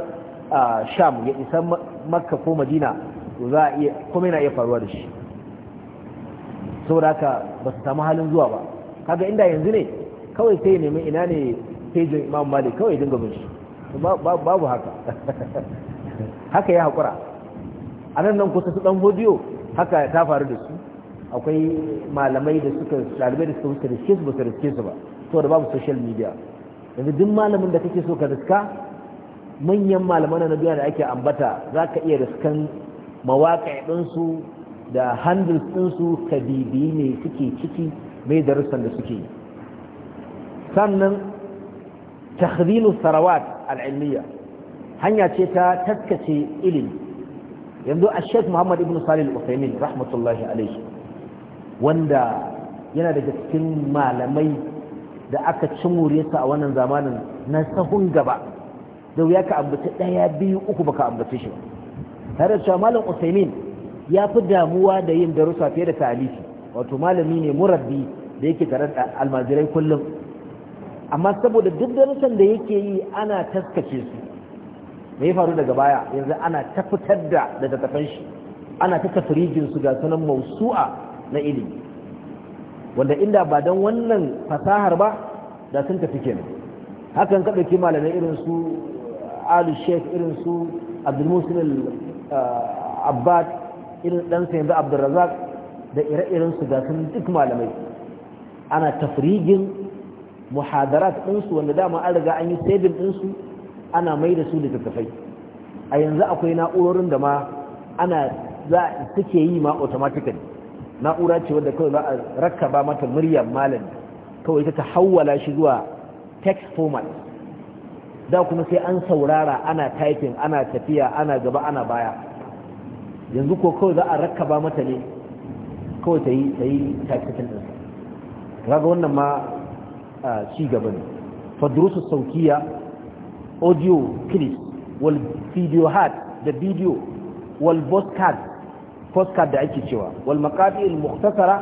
sham ya isa makka ko madina to za a iya kuma yana iya faruwa da shi saboda haka ba su samu halin zuwa ba kaga inda yanzu ne kawai sai nemi ina ne fejin imam malik kawai dinga bin shi babu haka haka ya haƙura a nan nan kusa su ɗan bodiyo haka ta faru da su akwai malamai da suka ɗalibai da suka wuce da su ba su riske su ba saboda babu social media yanzu duk malamin da kake so ka riska manyan malaman na duniya da ake ambata za ka iya riskan mawaƙa ɗinsu da handles ɗinsu ka bibiyi ne suke ciki mai darussan da suke sannan tahdinu sarawat al'ilmiya hanya ce ta taskace ilimi yanzu a sheikh muhammad ibn salih al rahmatullahi alaihi wanda yana daga cikin malamai da aka ci muryarsa a wannan zamanin na sahun gaba da wuya ka ambaci ɗaya biyu uku baka ambaci shi tare da malam usaimin ya fi damuwa da yin darussa fiye da talifi wato malami ne murabbi da yake tare da almajirai kullum amma saboda duk darussan da yake yi ana taskace su me ya faru daga baya yanzu ana ta fitar da littattafan shi ana ta tafirijin su ga sunan mausu'a na ilimi wanda inda ba don wannan fasahar ba da sun tafi kenan hakan ka ɗauki malamai irin su alu Sheik, irin su abdulmusul uh, abbad irin sayan da abdulrazak da ire-iren su ga sun duk malamai ana tafrigin muhadarat ɗinsu wanda dama an riga an yi sabin ɗinsu ana mai da su littattafai a yanzu akwai na'urorin da ma ana za suke yi ma automatically na'ura ce wadda kawai za a rakkaba mata muryar malami kawai ta hawwala shi zuwa text format da kuma sai an saurara ana typing ana tafiya ana gaba ana baya yanzu ko kawai za a ba mata ne kawai ta yi ta yi typing Raga wannan ma ci gaba ne fadrusu saukiya audio clips wal video hard da video wal broadcast postcard da ake cewa wal maqati al mukhtasara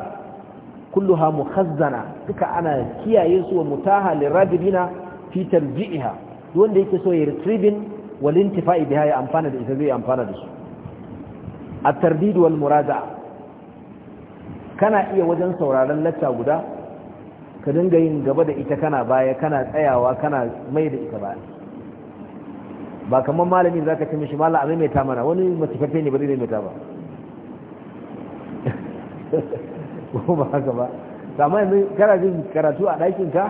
kulluha mukhazzana duka ana kiyaye su wa mutaha lirajibina fi tarji'iha wanda yake so ya retrieving wal intifa'i biha ya amfana da ita zai amfana da su at tardid wal muraja'a kana iya wajen sauraron lacca guda ka dinga yin gaba da ita kana baya kana tsayawa kana mai da ita baya ba kamar malami zaka ka mishi mallam a maimaita mana wani matafafe ne ba zai maimaita ba ko haka ba amma yanzu kana jin karatu a ɗakin ka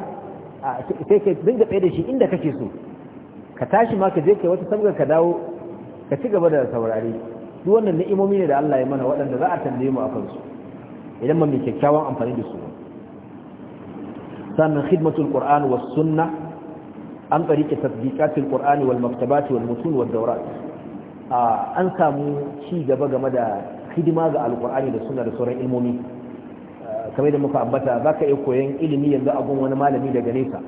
sai ka dinga tsaye da shi inda kake so ka tashi ma ka je kai wata sabgar ka dawo ka ci gaba da saurari duk wannan ni'imomi ne da Allah ya mana waɗanda za a tambaye mu a kansu idan mun mai kyakkyawan amfani da su sannan khidmatul qur'an was sunna an tarike tasdiqatul qur'ani wal maktabat wal mutun wad dawrat an samu ci gaba game da hidima ga alkur'ani da suna da sauran ilmomi kamar da muka ambata za ka iya koyon ilimi yanzu a gun wani malami daga nesa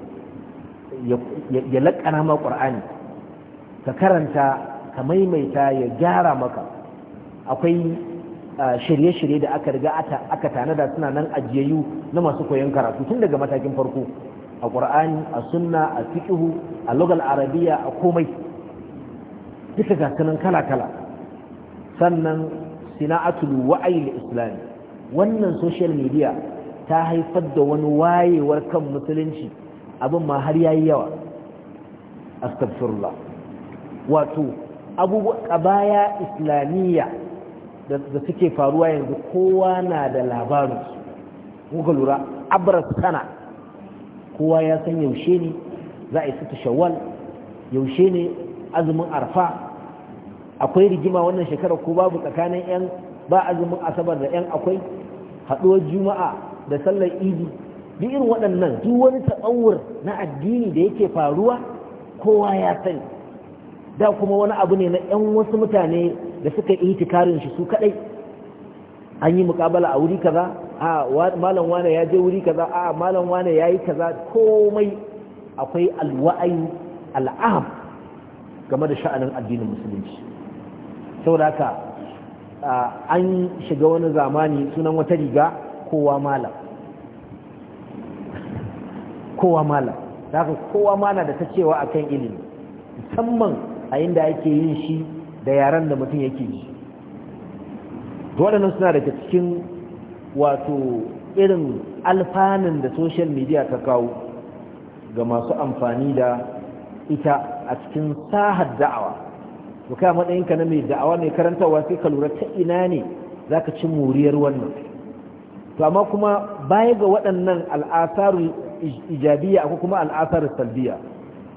ya laƙana ma ƙur'ani ka karanta ka maimaita ya gyara maka akwai shirye-shirye da aka riga aka tanada suna nan ajiyayyu na masu koyon karatu tun daga matakin farko a ƙur'ani a sunna a fiƙihu a lugal arabiya a komai duka ga kala-kala sannan sina'atul wa'ayil islami wannan social media ta haifar da wani wayewar kan musulunci abin ma har yayi yawa astaghfirullah wato abubuwa ƙabaya islamiyya da suke faruwa yanzu kowa na da labaru kuka lura abras sana kowa ya san yaushe ne za a yi sita yaushe ne azumin arfa akwai rigima wannan shekarar ko babu tsakanin yan ba azumin asabar da yan akwai haɗuwar juma'a da sallar idi duk irin waɗannan duk wani ta'awur na addini da yake faruwa kowa ya sani da kuma wani abu ne na yan wasu mutane da suka yi tikarin shi su kaɗai an yi mukabala a wuri kaza a malam wane ya je wuri kaza a malam wane ya yi kaza komai akwai alwa'ayi al'aham game da sha'anin addinin musulunci saboda haka an shiga wani zamani sunan wata riga kowa malam kowa malam haka kowa mana da ta cewa a kan ilimi musamman a inda ake yin shi da yaren da mutum yake yi waɗannan suna daga cikin wato irin alfanin da social media ta kawo ga masu amfani da ita a cikin sahar da'awa to kai matsayinka na mai da'awa mai karantarwa sai ka lura ta ina ne za ka ci muriyar wannan to amma kuma baya ga waɗannan al'asarun ijabiya akwai kuma al'asarun salbiya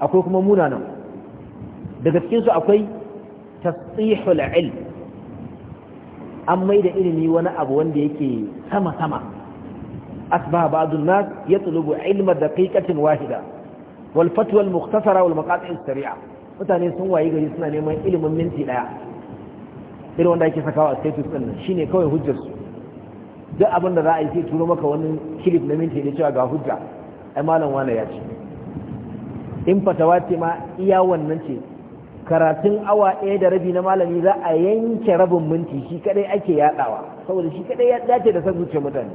akwai kuma munanan daga cikinsu akwai tasihul ilm an mai da ilimi wani abu wanda yake sama-sama asbaha ba'dun nas yatlubu ilma daqiqatin wahida wal fatwa al mukhtasara wal maqati' sari'a mutane sun wayi gari suna neman ilimin minti daya irin wanda ake sakawa a status din nan shine kawai hujjar su duk abin da za a yi sai turo maka wani kilif na minti da cewa ga hujja ai malam wane ya ce in fatawa ce ma iya wannan ce karatun awa ɗaya da rabi na malami za a yanke rabin minti shi kadai ake yadawa saboda shi kadai ya dace da san zuciyar mutane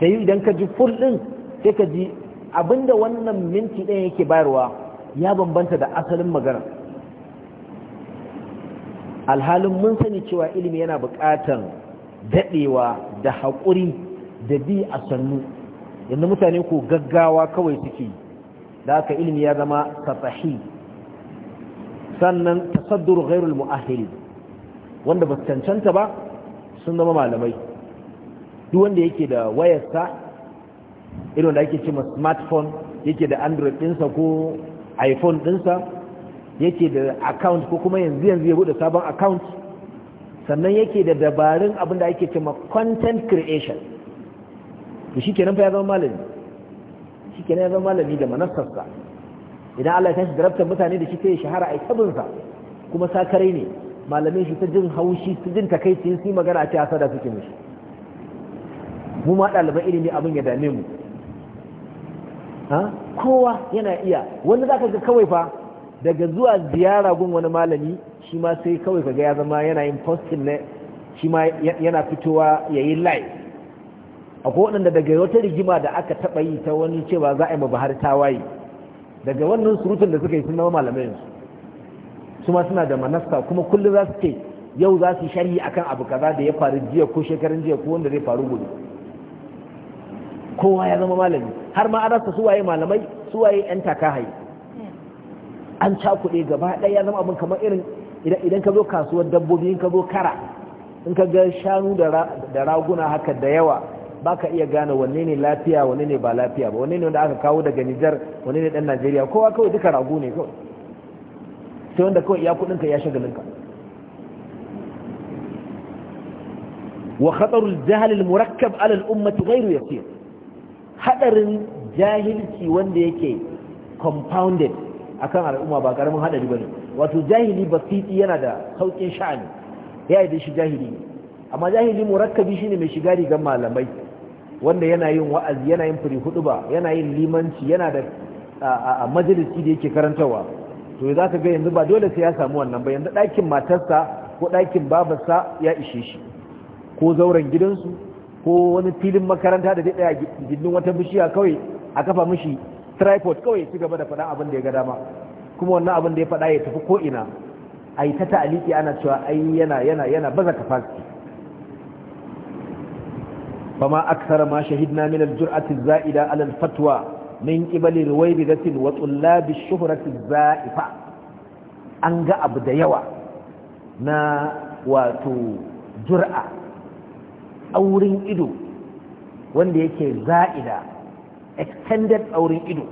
ta yi idan ka ji full din sai ka ji abinda wannan minti ɗaya yake bayarwa ya bambanta da asalin magana alhalin mun sani cewa ilimi yana buƙatar daɗewa da haƙuri da bi a sannu yadda mutane ko gaggawa kawai suke da aka ilimi ya zama satahi sannan tasaddur ghairul mu'ahili wanda ba cancanta ba sun zama malamai duk wanda yake da wayarsa irin da ake ce ma smartphone yake da android ɗinsa ko iphone dinsa yake da account ko kuma yanzu yanzu ya bude sabon account sannan yake da dabarun abin da ake cewa content creation to shikenan fa ya zama malami shikenan ya zama malami da manassarsa idan Allah ya tashi darabtar mutane da shi sai ya shahara a tabinsa kuma sakarai ne malamai shi ta jin haushi ta jin takaici sun yi magana a ce asada suke mishi mu ma ɗaliban ilimi abin ya dame mu kowa yana iya wani za ka ga kawai fa daga zuwa ziyara gun wani malami shi ma sai kawai ka ga ya zama yana yin posting ne shi ma yana fitowa ya yi live akwai waɗanda daga wata rigima da aka taɓa yi ta wani cewa za a yi mabahar tawaye daga wannan surutun da suka yi sun malamai su ma suna da manasta kuma kullum za su ce yau za su sharhi akan abu kaza da ya faru jiya ko shekarun jiya ko wanda zai faru gobe kowa ya zama malami har ma an rasa suwaye malamai suwaye yan takahaye an ca kuɗi gaba ɗaya ya zama abin kamar irin idan ka zo kasuwar dabbobi in ka zo kara in ka ga shanu da raguna haka da yawa ba ka iya gane wanne ne lafiya wanne ne ba lafiya ba wanne ne wanda aka kawo daga nijar wanne ne ɗan najeriya kowa kawai duka ragu ne kawai sai wanda kawai ya kudinka ya shagalinka wa khatarul jahl al murakkab ala al ummati ghayru yasir hadarin jahilci wanda yake compounded akan al'umma ba karamin hadari ne wato jahili basiti yana da saukin sha'ani ya yi shi jahili amma jahili murakkabi shine mai shiga rigar malamai wanda yana yin wa'azi yana yin firi ba yana yin limanci yana da a majalisi da yake karantarwa to za ka ga yanzu ba dole sai ya samu wannan ba yanzu ɗakin matarsa ko ɗakin babarsa ya ishe shi ko zauren gidansu ko wani filin makaranta da daya tsaya gindin wata bishiya kawai a kafa mishi tripod kawai su gaba da faɗa abin da ya ga dama kuma wannan abin da ya faɗa ya tafi ko ina a yi ta ta'aliki ana cewa ai yana yana yana baza capacity fama aksara ma shahid na minar jurati zaida ala al-fatwa min qibali ruwaybidatin wa tullabi shuhrati zaifa an ga abu da yawa na wato jur'a aurin ido wanda yake za'ida extended aurin ido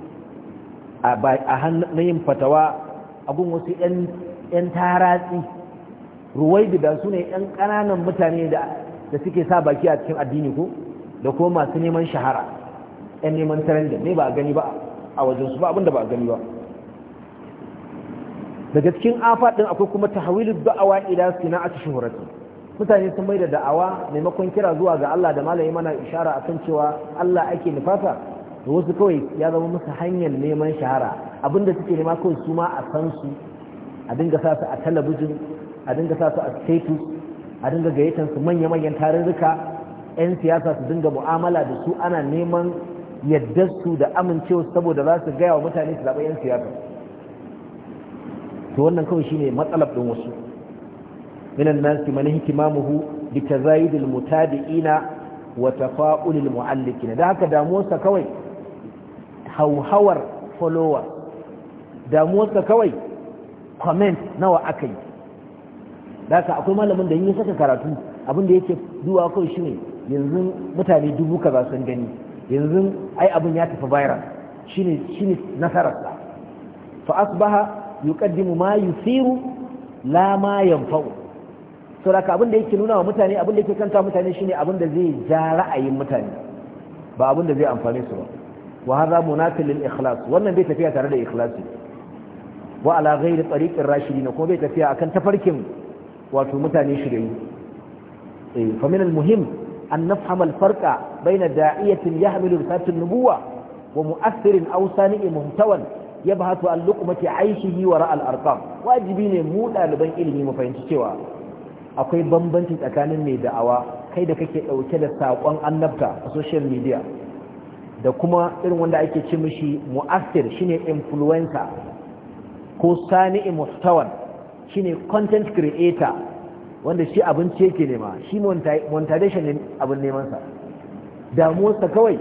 a hannun yin fatawa a gun wasu 'yan taratsi ruwai da su ne 'yan ƙananan mutane da suke sa baki a cikin addini ko da kuma masu neman shahara 'yan neman trending ne ba a gani ba a wajensu ba abinda ba a gani ba daga cikin afaɗin akwai kuma tahawilin da'awa ila sina'atu shuhurati mutane sun mai da da'awa maimakon kira zuwa ga Allah da malami mana ishara a kan cewa Allah ake nufasa to wasu kawai ya zama musu hanyar neman shahara abinda suke nema kawai su ma a san su a dinga sa su a talabijin a dinga sa su a status a dinga gayyatar su manya-manyan tarurruka 'yan siyasa su dinga mu'amala da su ana neman yadda su da amincewa saboda za su gaya wa mutane su zaɓi 'yan siyasa to wannan kawai shine matsalar ɗin wasu minan nasi man ihtimamuhu bi tazayidil mutadi'ina wa tafa'ulil mu'allikin da haka damuwarsa kawai hauhawar follower damuwarsa kawai comment nawa aka yi da haka akwai malamin da yi saka karatu abin yake zuwa kawai shine yanzu mutane dubu kaza sun gani yanzu ai abin ya tafi viral shine shine nasararsa fa asbaha yuqaddimu ma yusiru la ma yanfa'u ka abin da yake nuna wa mutane abin da yake kanta mutane shine abin da zai ja ra'ayin mutane ba abin da zai amfane su ba wa hadha munafil lil ikhlas wannan bai tafiya tare da ikhlasi wa ala ghairi tariqir rashidin ko bai tafiya akan tafarkin wato mutane shirye eh fa min al muhim an nafhama al farqa bayna da'iyatin yahmilu risalat nubuwa wa mu'athirin aw sani'i muhtawan yabhatu an luqmati aishihi wara al arqam wajibi ne mu daliban ilimi mu fahimci cewa akwai bambanci tsakanin mai da'awa kai da kake ɗauke da sakon annabta a social media da kuma irin wanda ake ci mishi mu'assir shine influencer ko sani'i muhtawan shine content creator wanda shi abinci yake nema shi montadation ne abin nemansa damuwarsa kawai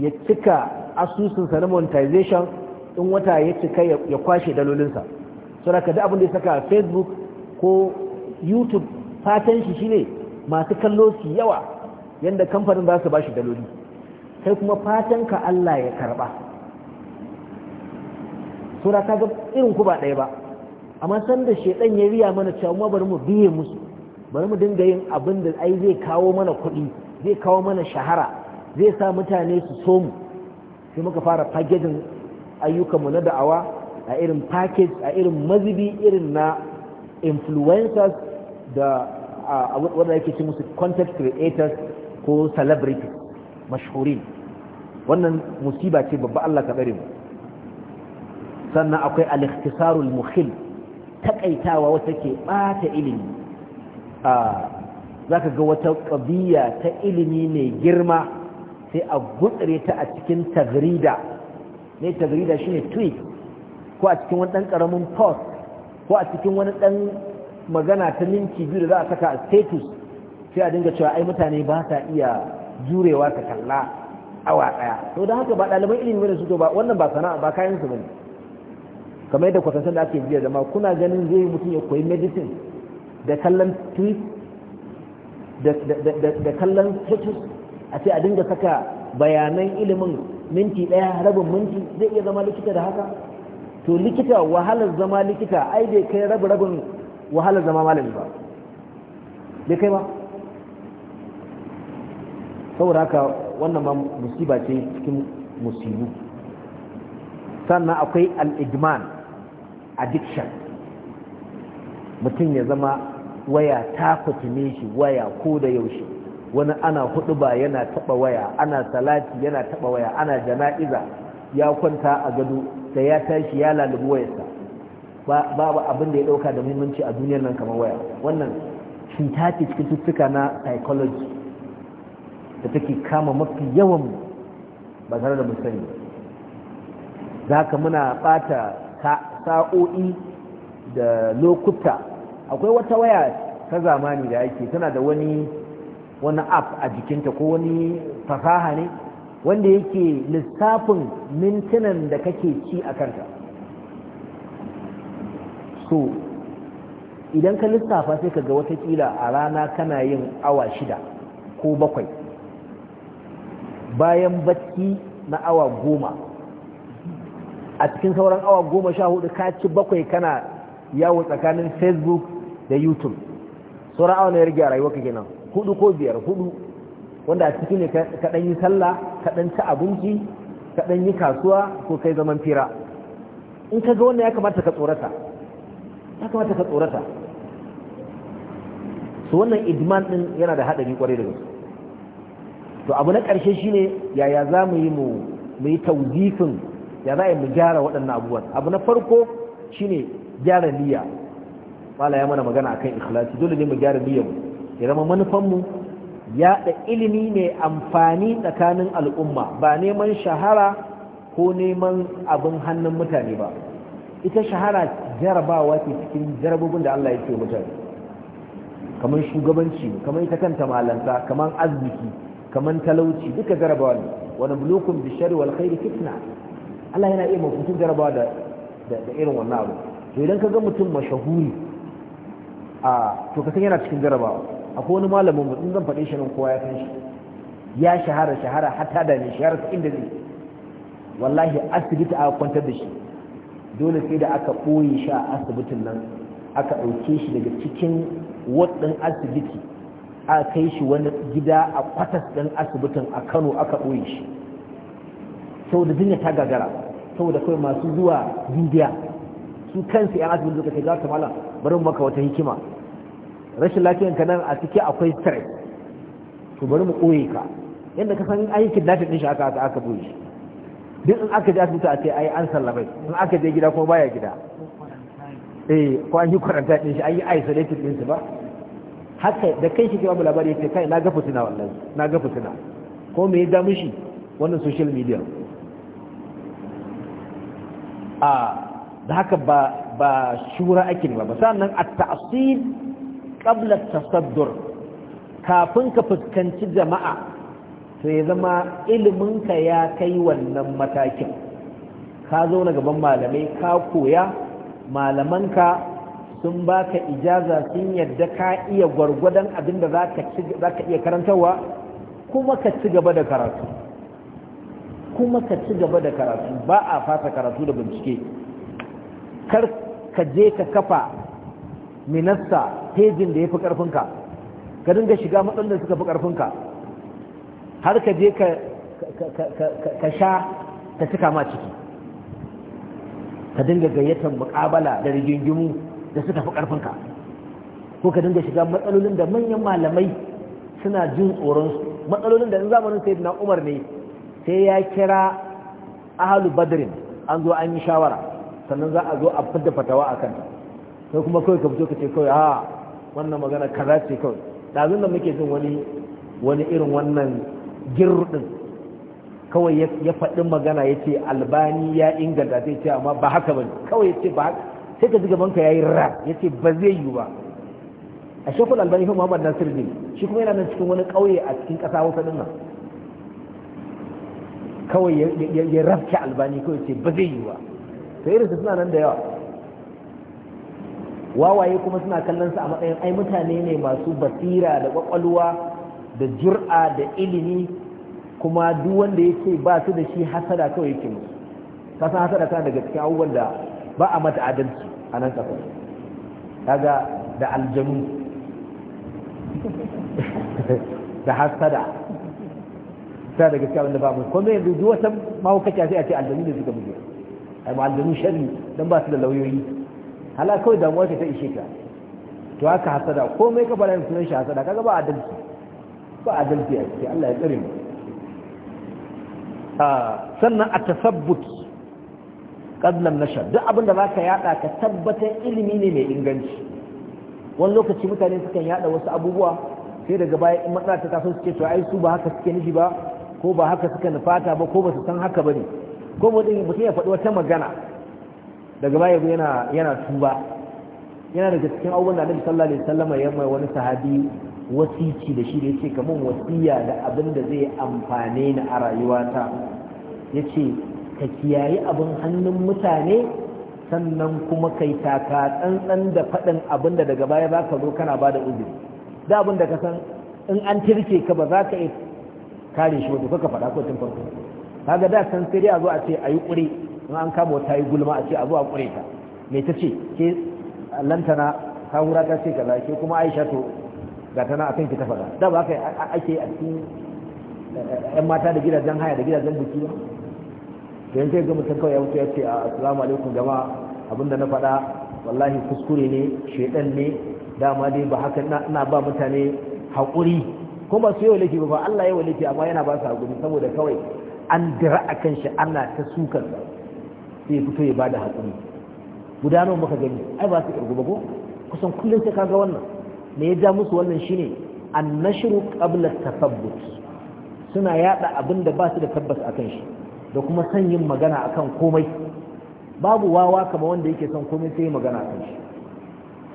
ya cika asusunsa na montadation in wata ya cika ya kwashe dalolinsa saboda da abin da ya saka a facebook ko youtube fatan shi shine masu kallo su yawa yanda kamfanin za su bashi daloli sai kuma fatan ka Allah ya karba sura ta ga irin ku ba ɗaya ba amma san da shedan ya riya mana cewa mu bari mu biye musu bari mu dinga yin abin da ai zai kawo mana kuɗi zai kawo mana shahara zai sa mutane su so mu sai muka fara fagejin ayyukanmu na da'awa a irin package a irin mazibi irin na influencers da wanda yake ce musu content creators ko celebrities mashhurin wannan musiba ce babba Allah ka bari mu sannan akwai al-ikhtisarul mukhil takaitawa wata ke bata ilimi a zaka ga wata qabiya ta ilimi mai girma sai a gutsire ta a cikin tagrida ne tagrida shine tweet ko a cikin wani dan karamin post ko a cikin wani dan magana ta minti biyu da za a saka a status sai a dinga cewa ai mutane ba sa iya jurewa ta kalla awa daya to don haka ba ɗaliban ilimi ne su ba wannan ba sana'a ba kayan su bane kamar yadda kwatantar da ake biya zama kuna ganin zai mutum ya koyi medicine da kallon tweet da kallon status a ce a dinga saka bayanan ilimin minti daya rabin minti zai iya zama likita da haka to likita wahalar zama likita ai bai kai rabin rabin wahalar zama malami ba bai kai ba saboda haka wannan ma musiba ce cikin musibu sannan akwai al'idman addiction mutum ya zama waya ta fitime shi waya ko da yaushe wani ana hudu ba yana taba waya ana salati yana taba waya ana jana'iza ya kwanta a gado da ya tashi ya lalubu wayarsa babu abin da ya dauka da muhimmanci a duniyar nan kamar waya wannan cuta ce cikin cututtuka na psychology da take kama mafi yawan ba tare da mu sani za ka muna bata sa'o'i da lokuta akwai wata waya ta zamani da ake tana da wani wani app a jikinta ko wani fasaha ne wanda yake lissafin mintunan da kake ci a kanta so idan ka lissafa sai ka ga wata watakila a rana kana yin awa shida ko bakwai bayan bacci na awa goma a cikin sauran awa goma sha hudu ka ci bakwai kana yawo tsakanin facebook da youtube sauran awa na yarge a rayuwa kenan hudu ko biyar hudu wanda a ciki ne ka yi sallah ka ci abinci ka yi kasuwa ko kai zaman fira in ka ga wannan ya kamata ka tsorata ya kamata ka tsorata su wannan idman din yana da haɗari kwarai da gaske to abu na ƙarshe shine yaya za mu yi mu yi tauzifin ya za mu gyara waɗannan abubuwan abu na farko shine gyara niyya mala ya mana magana akan ikhlasi dole ne mu gyara mu ya zama manufanmu yaɗa ilimi mai amfani tsakanin al'umma ba neman shahara ko neman abin hannun mutane ba ita shahara jarabawa ke cikin jarabobin da Allah ya yake mutane kamar shugabanci kamar ita kanta malanta kamar arziki kamar talauci duka jarabawa ne wani bulukun bishari wal khairi fitna Allah yana iya mutum jarabawa da da irin wannan abu to idan ka ga mutum mashahuri a to ka san yana cikin jarabawa akwai wani malamin mutum zan faɗe shi nan kowa ya san shi ya shahara shahara hatta da ne shahara inda zai wallahi asibiti a kwantar da shi dole sai da aka ɓoye shi a asibitin nan aka ɗauke shi daga cikin waɗin asibiti a kai shi wani gida a kwatas ɗin asibitin a kano aka ɓoye shi saboda jinya ta gagara saboda kawai masu zuwa indiya su kansu yan asibiti suka ce za ta mala bari maka wata hikima rashin lafiyar ka nan a ciki akwai stress to bari mu ɓoye ka yadda ka san aikin lafiyar ɗin shi aka aka ɓoye shi duk in aka je asibiti a ce ai an sallamai in aka je gida kuma baya gida eh ko an yi kwaranta din shi an yi isolated din su ba haka da kai shi ke babu labari yace kai na ga fitina wallahi na ga fitina ko me ya damu shi wannan social media a da haka ba ba shura ake ba sannan at-ta'sib qabla at-tasaddur kafin ka fuskanci jama'a to ya zama iliminka ya kai wannan matakin ka zo na gaban malamai ka koya malamanka sun baka ijaza sun yadda ka iya gwargwadon abin da za ka iya karantarwa kuma ka ci gaba da karatu kuma ka ci gaba da karatu ba a fasa karatu da bincike kar ka je ka kafa minasta hejin da ya fi karfinka ka dinga shiga matsalolin da suka fi karfinka. har ka je ka sha ta cika ma ciki ka dinga gayyatar muƙabala da rigingimu da suka fi ƙarfinka ko ka dinga shiga matsalolin da manyan malamai suna jin tsoronsu matsalolin da in zamanin sai na umar ne sai ya kira ahalu badrin an zo an yi shawara sannan za a zo a fidda fatawa a kanta sai kuma kawai ka fito ka ce kawai ha ah, wannan magana kaza ce kawai ɗazun da muke jin wani wani irin wannan girɗin kawai ya faɗi magana ya ce albani ya inganta zai ce amma ba haka ba kawai ya ce ba haka sai ka ji banka ya yi ra ya ce ba zai yi ba a shafin albani fi muhammad nasir ne shi kuma yana nan cikin wani ƙauye a cikin ƙasa wata ɗin nan kawai ya rafke albani kawai ce ba zai yi ba to irin su suna nan da yawa wawaye kuma suna kallon su a matsayin ai mutane ne masu basira da kwakwalwa da jur'a da ilimi kuma duk wanda yake ba su da shi hasada kawai yake musu kasan hasada kana daga cikin abubuwan da ba a mata adalci a nan kasar kaga da aljanu da hasada ta daga cikin wanda ba mu kuma yanzu duk wata mahaukaciya sai a ce aljanu ne suka muke ai ma aljanu shari dan ba su da lauyoyi hala kawai damuwa ta ishe ka to haka hasada komai ka fara yin sunan shi hasada kaga ba adalci ba adalci a ciki Allah ya tsare mu ah, sannan a tasabbut qadlan nashar duk abinda zaka yada ka tabbatar ilimi ne mai inganci wani lokaci mutane sukan yada wasu abubuwa sai daga baya in matsala ta taso suke to ai su ba haka suke nufi ba ko ba haka suka nufata ba ko ba su san haka bane ko mutum ya faɗi wata magana daga baya yana yana tuba yana daga cikin abubuwan da Annabi sallallahu alaihi wasallam ya mai wani sahabi wasici da shi da yace kaman wasiya da abin da zai amfane ni a rayuwata yace ka kiyaye abin hannun mutane sannan kuma kai taka tsantsan da faɗin abin da daga baya za ka zo kana ba da uzuri da abin da ka san in an tirke ka ba za ka iya kare shi wato kaka faɗa ko tun farko kaga da san sai a zo a ce a yi ƙure in an kama wata yi gulma a ce a zo a ƙure ta me ta ce ke lantana ta wura ta ce kaza ke kuma aisha to ga tana a kan ta tafaga da ba haka ake a cikin eh, eh, yan mata da gidajen haya da gidajen biki ba to yanzu ga mutum kawai ya wuce ya ce assalamu alaikum jama'a abinda na faɗa wallahi kuskure ne shedan ne dama dai ba haka ina ba mutane haƙuri kuma ba su yi laifi ba Allah ya walaki amma yana ba su haƙuri saboda kawai an dira a kan shi ana ta sukar sai fito ya bada haƙuri gudanar maka gani ai ba su ƙirgu ba ko kusan kullum sai ka ga wannan me ya ja musu wannan shi na shiru qabla tasabbut suna yada abin da ba su da tabbas kan shi da kuma son yin magana a kan komai babu wawa kama wanda yake son komai sai magana kan shi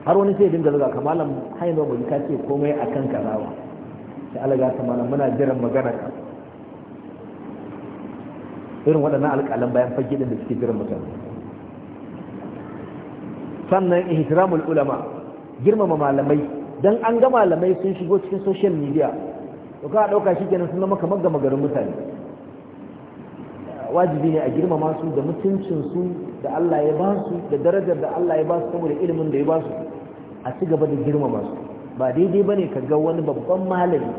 har wani sai dinga zuga kamalan hanyar ba mulka ka ce komai a kan kazawa sai alaga ta malam muna jiran magana ka irin waɗannan alƙalan bayan fage da suke jiran magana sannan ihtiramul ulama girmama malamai dan an ga malamai sun shigo cikin social media to ka dauka kenan sun zama kamar gama garin mutane wajibi ne a girmama su da mutuncin su da Allah ya ba su da darajar da Allah ya ba su saboda ilimin da ya ba su a ci gaba da girmama su ba daidai ba ne ka ga wani babban malami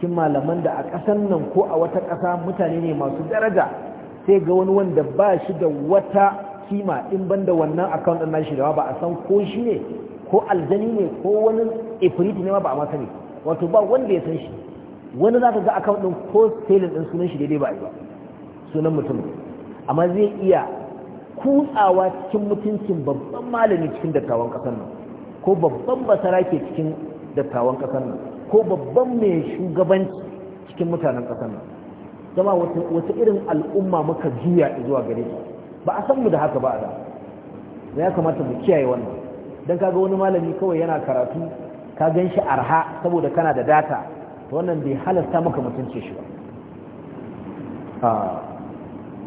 cikin malaman da a ƙasan nan ko a wata ƙasa mutane ne masu daraja sai ga wani wanda ba shi da wata kima in banda wannan account ɗin nashi da ba a san ko shi ne ko aljani ne ko wani ifriti ne ma ba a masani wato ba wanda ya san shi wani za ka ga akawun ɗin ko selin ɗin sunan shi daidai ba a yi ba sunan mutum amma zai iya kutsawa cikin mutuncin babban malami cikin dattawan ƙasar nan ko babban basarake cikin dattawan ƙasar nan ko babban mai shugabanci cikin mutanen ƙasar nan zama wata irin al'umma muka juya zuwa gare shi ba a san mu da haka ba a da ya kamata mu kiyaye wannan don kaga wani malami kawai yana karatu ka gan shi arha saboda kana da data to wannan bai halasta maka mutunce shi ba ah,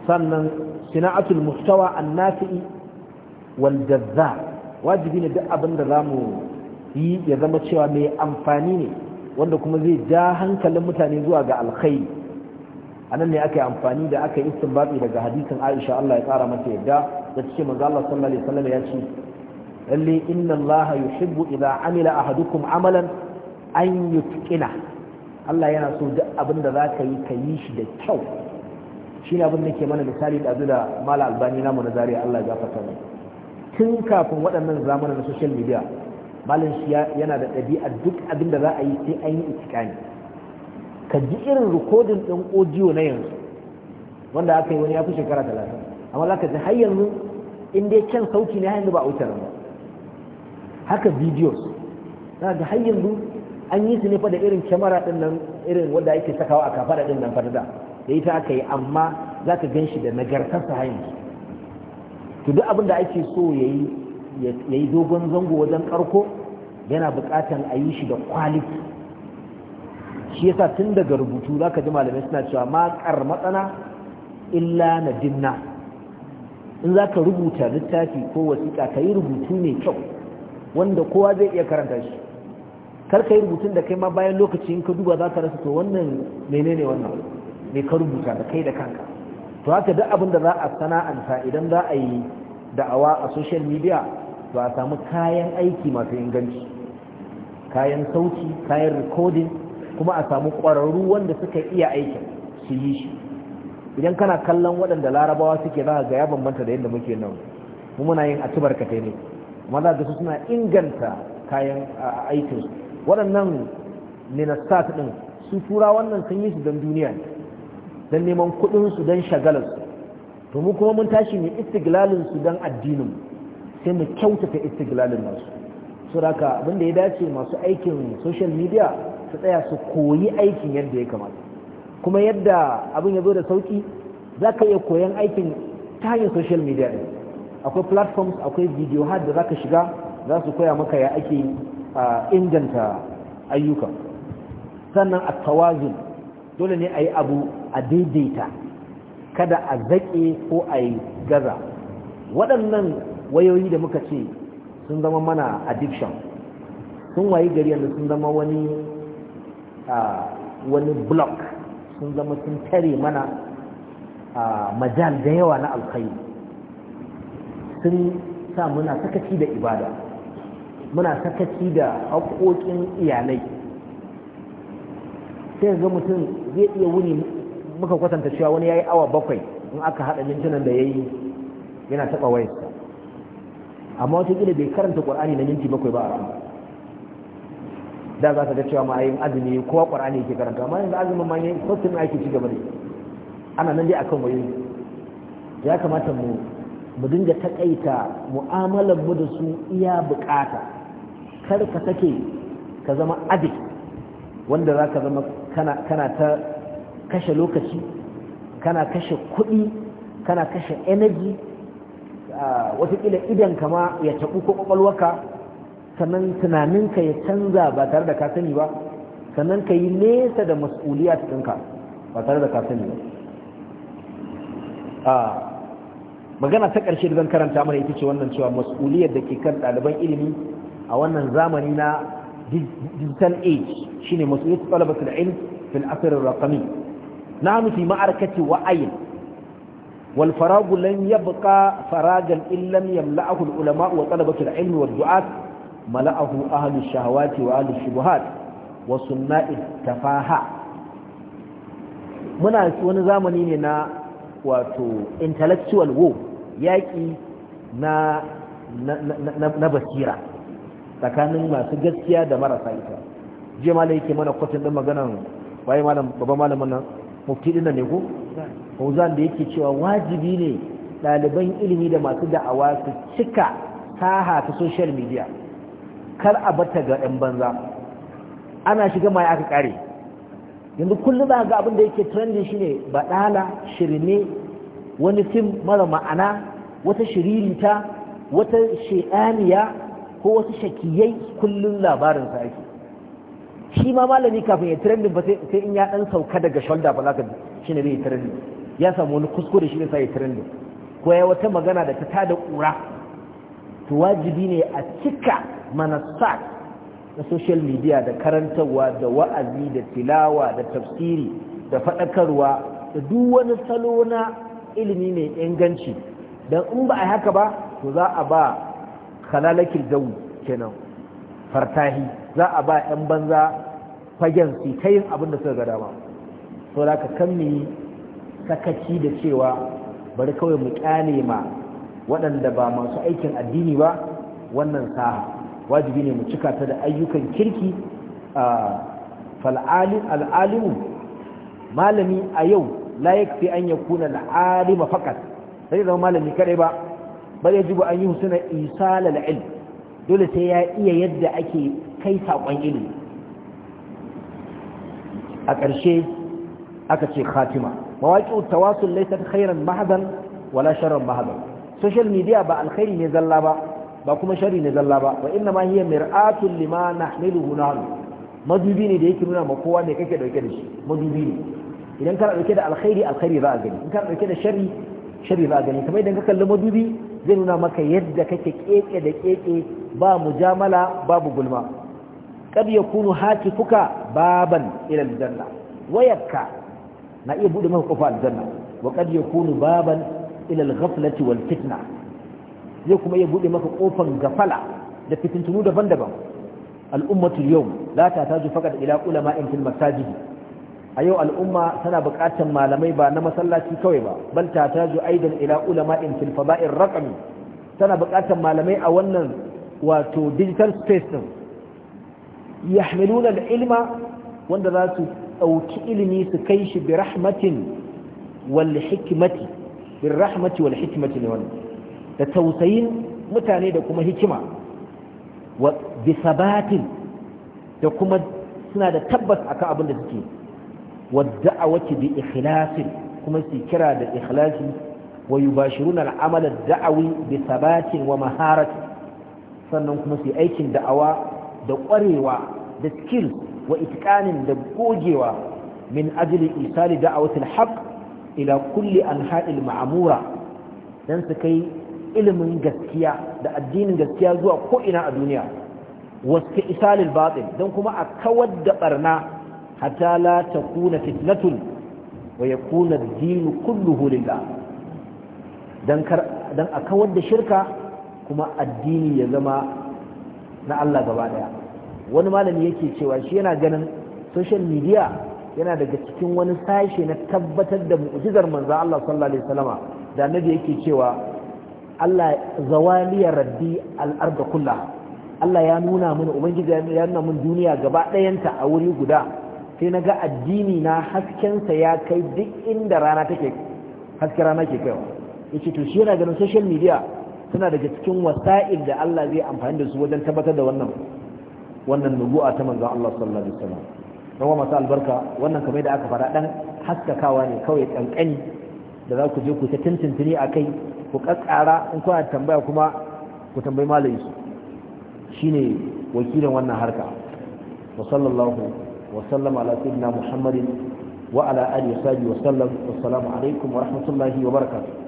sannan sina'atul mustawa annafi'i wal jazza wajibi ne duk abin da zamu yi ya zama cewa mai amfani ne wanda kuma zai ja hankalin mutane zuwa ga alkhairi anan ne aka yi amfani da aka yi istinbati daga hadisin Aisha Allah ya tsara mata yadda da cike manzo Allah sallallahu alaihi wasallam ya ce lalle inna Allah yuhibbu idza amila ahadukum amalan an tukina Allah yana so duk abin da zaka yi ka yi shi da kyau ne abin da ke mana misali da da mala albani namu na zariya Allah ya gafarta mai tun kafin waɗannan zamanin na social media malin shi yana da ɗabi'a duk abin da za a yi sai an yi itikani ka ji irin rikodin ɗin audio na yanzu wanda aka yi wani ya fi shekara talatin amma za ka ji har yanzu in dai kyan sauki ne har yanzu ba a wuce ba haka videos za ga har yanzu an yi su ne fa da irin kyamara din nan irin wanda ake sakawa a kafaɗa din nan fadada da ita aka yi amma za ka gan shi da nagartarsa har yanzu to duk abin da ake so ya yi dogon zango wajen karko yana buƙatar a yi shi da kwaliti shi yasa tun daga rubutu za ka ji malamai suna cewa ma matsana illa na dinna in za ka rubuta littafi ko wasiƙa ka yi rubutu mai kyau wanda kowa zai iya karanta shi karka yi rubutun da kai ma bayan lokaci in ka duba za ka rasa to wannan menene wannan me ka rubuta da kai da kanka to haka duk abin da za a sana'anta idan za a yi da'awa a social media to a samu kayan aiki masu inganci kayan sauti kayan recording kuma a samu ƙwararru wanda suka iya aikin su yi shi idan kana kallon waɗanda larabawa suke za ga ya bambanta da yadda muke nan mu muna yin atubar ka ne maza da su suna inganta kayan aikinsu waɗannan minastat ɗin su tura wannan sun yi su don duniya don neman kuɗinsu don shagalarsu to mu kuma mun tashi ne su don addinin sai mu kyautata istigilalin masu su raka abinda ya dace masu aikin social media su tsaya su koyi aikin yadda ya kamata kuma yadda abin ya zo da sauki za ka iya koyan aikin ta hanyar social media ɗin akwai platforms akwai video har da zaka shiga za su koya maka ya ake inganta ayyuka sannan a tawazun dole ne a yi abu a daidaita kada a zaƙe ko a yi gaza waɗannan wayoyi da muka ce sun zama mana addiction sun wayi gari yadda sun zama wani wani block sun zama sun tare mana majal da yawa na alkhairu. sun sa muna sakaci da ibada muna sakaci da haƙoƙin iyalai sai ga mutum zai iya wuni muka kwatanta cewa wani ya yi awa bakwai in aka haɗa mintunan da ya yi yana taɓa wayarsa amma wataƙila bai karanta ƙwar'ani na minti bakwai ba a rana da za ka ga cewa ma yin azumi kowa ƙwar'ani yake karanta amma yanzu azumin ma yin kwastin ake ci gaba ne ana nan dai akan wayoyi ya kamata mu mu dinga takaita mu'amalar mu da su iya bukata kar ka take ka zama addict wanda za ka zama kana ta kashe lokaci kana kashe kuɗi kana kashe energy watakila idan kama ya taɓu ko ƙwaƙwalwaka sannan tunaninka ya canza ba tare da ka sani ba sannan ka yi nesa da mas'uliyar ɗinka ba tare da ka sani ba magana ta ƙarshe da zan karanta mana ita ce wannan cewa mas'uliyar da ke kan ɗaliban ilimi a wannan zamani na digital age shine mas'uliyar talabatul ilm fil asr ar-raqami nahnu fi ma'arakati wa'ayin wal farag lan yabqa faragan illa yamla'ahu al-ulama wa talabatul ilm wa du'at mala'ahu ahli shahawati wa ahli shubuhat wa sunna'i tafaha muna wani zamani ne na wato intellectual war yaƙi na basira tsakanin masu gaskiya da marasa ita jiya malam yake mana kwatin ɗin maganan waye malam babban malamin nan mufti ɗin nan ne ko Fauzan da yake cewa wajibi ne ɗaliban ilimi da masu da'awa su cika saha ta social media kar a bata ga ɗan banza ana shiga ma aka kare yanzu kullum ga abin da yake trending shine baɗala shirme wani fim mara ma'ana wata shiririta wata sha'aniya ko wasu shakiyai kullum labarin ake shi ma malami kafin ya trending ba sai in ya dan sauka daga shoulder ba shi ne bai trending ya samu wani kuskure shi ne sai ya trending ko ya wata magana da ta tada kura to wajibi ne a cika manasat na social media da karantarwa da wa'azi da tilawa da tafsiri da faɗakarwa da duk wani salo na ilimi mai inganci don in ba a haka ba to za a ba kalalakil dawu kenan fartahi za a ba 'yan banza fagen su ta yin abin da suka ga dama so da ka kammi sakaci da cewa bari kawai mu kyale ma waɗanda ba masu aikin addini ba wannan saha wajibi ne mu cika ta da ayyukan kirki a fal'alimu malami a yau la yakfi an yakuna al alima faqat sai zama malami kaɗai ba bal yajibu an yuhsina isal al-ilm dole sai ya iya yadda ake kai sakon ilimi a ƙarshe aka ce khatima mawaƙi tawasul laysa khairan mahdan wala sharran mahdan social media ba alkhairi ne zalla ba ba kuma shari ne zalla ba wa inna ma hiya mir'atun lima nahmiluhu nahnu madubi ne da yake nuna ma kowa ne kake dauke da shi madubi ne idan kana dauke da alkhairi alkhairi za gani in kana dauke da sharri sharri za gani kamar idan ka kalli madubi zai nuna maka yadda kake keke da keke ba mujamala babu gulma kad yakunu hatifuka baban ila aljanna wayakka na iya bude maka kofa aljanna wa kad yakunu baban ila alghaflati wal fitna zai kuma iya bude maka kofan gafala da fitintunu daban-daban al'ummatu yau la ta taju faqad ila ulama'in fil masajidi a yau al'umma tana buƙatar malamai ba na masallaci kawai ba bal ta zo aidan ila ulama'in fil fada'ir raqami tana buƙatar malamai a wannan wato digital space din yahmiluna al-ilma wanda za su dauki ilimi su kai shi bi rahmatin wal hikmati bi rahmati wal hikmati ne wannan da tausayin mutane da kuma hikima wa bi sabatin da kuma suna da tabbas akan abin da suke wadda'awati bi ikhlasin kuma su kira da ikhlasi wa yubashiruna al'amala da'awi bi sabatin wa maharati sannan kuma su aikin da'awa da ƙwarewa da skill wa itqanin da gogewa min ajli isali da'awati al-haq ila kulli anha'il Ma'amura. dan su kai ilimin gaskiya da addinin gaskiya zuwa ko'ina a duniya wasu isalil batil don kuma a kawar da barna hatta la takuna fitnatun wa yakuna ad-din kulluhu lillah dan kar a kawar da shirka kuma addini ya zama na Allah gaba wani malami yake cewa shi yana ganin social media yana daga cikin wani sashe na tabbatar da mu'jizar manzo Allah sallallahu alaihi wasallama da annabi yake cewa Allah zawaliya rabbi al-ard Allah ya nuna mana ubangiji ya nuna min duniya gaba dayanta a wuri guda sai na ga addini na haskensa ya kai duk inda rana take haske rana ke kaiwa ya ce to shi yana ganin social media suna daga cikin wasa'il da Allah zai amfani da su wajen tabbatar da wannan wannan nubu'a ta manzon Allah sallallahu alaihi wasallam wa masa albarka wannan kamar da aka fara dan haskakawa ne kawai kankani da za ku je ku ta tintintini a kai ku kakkara in kuna tambaya kuma ku tambayi malayi su shine wakilin wannan harka wa sallallahu وسلم على سيدنا محمد وعلى آله وصحبه وسلم والسلام عليكم ورحمة الله وبركاته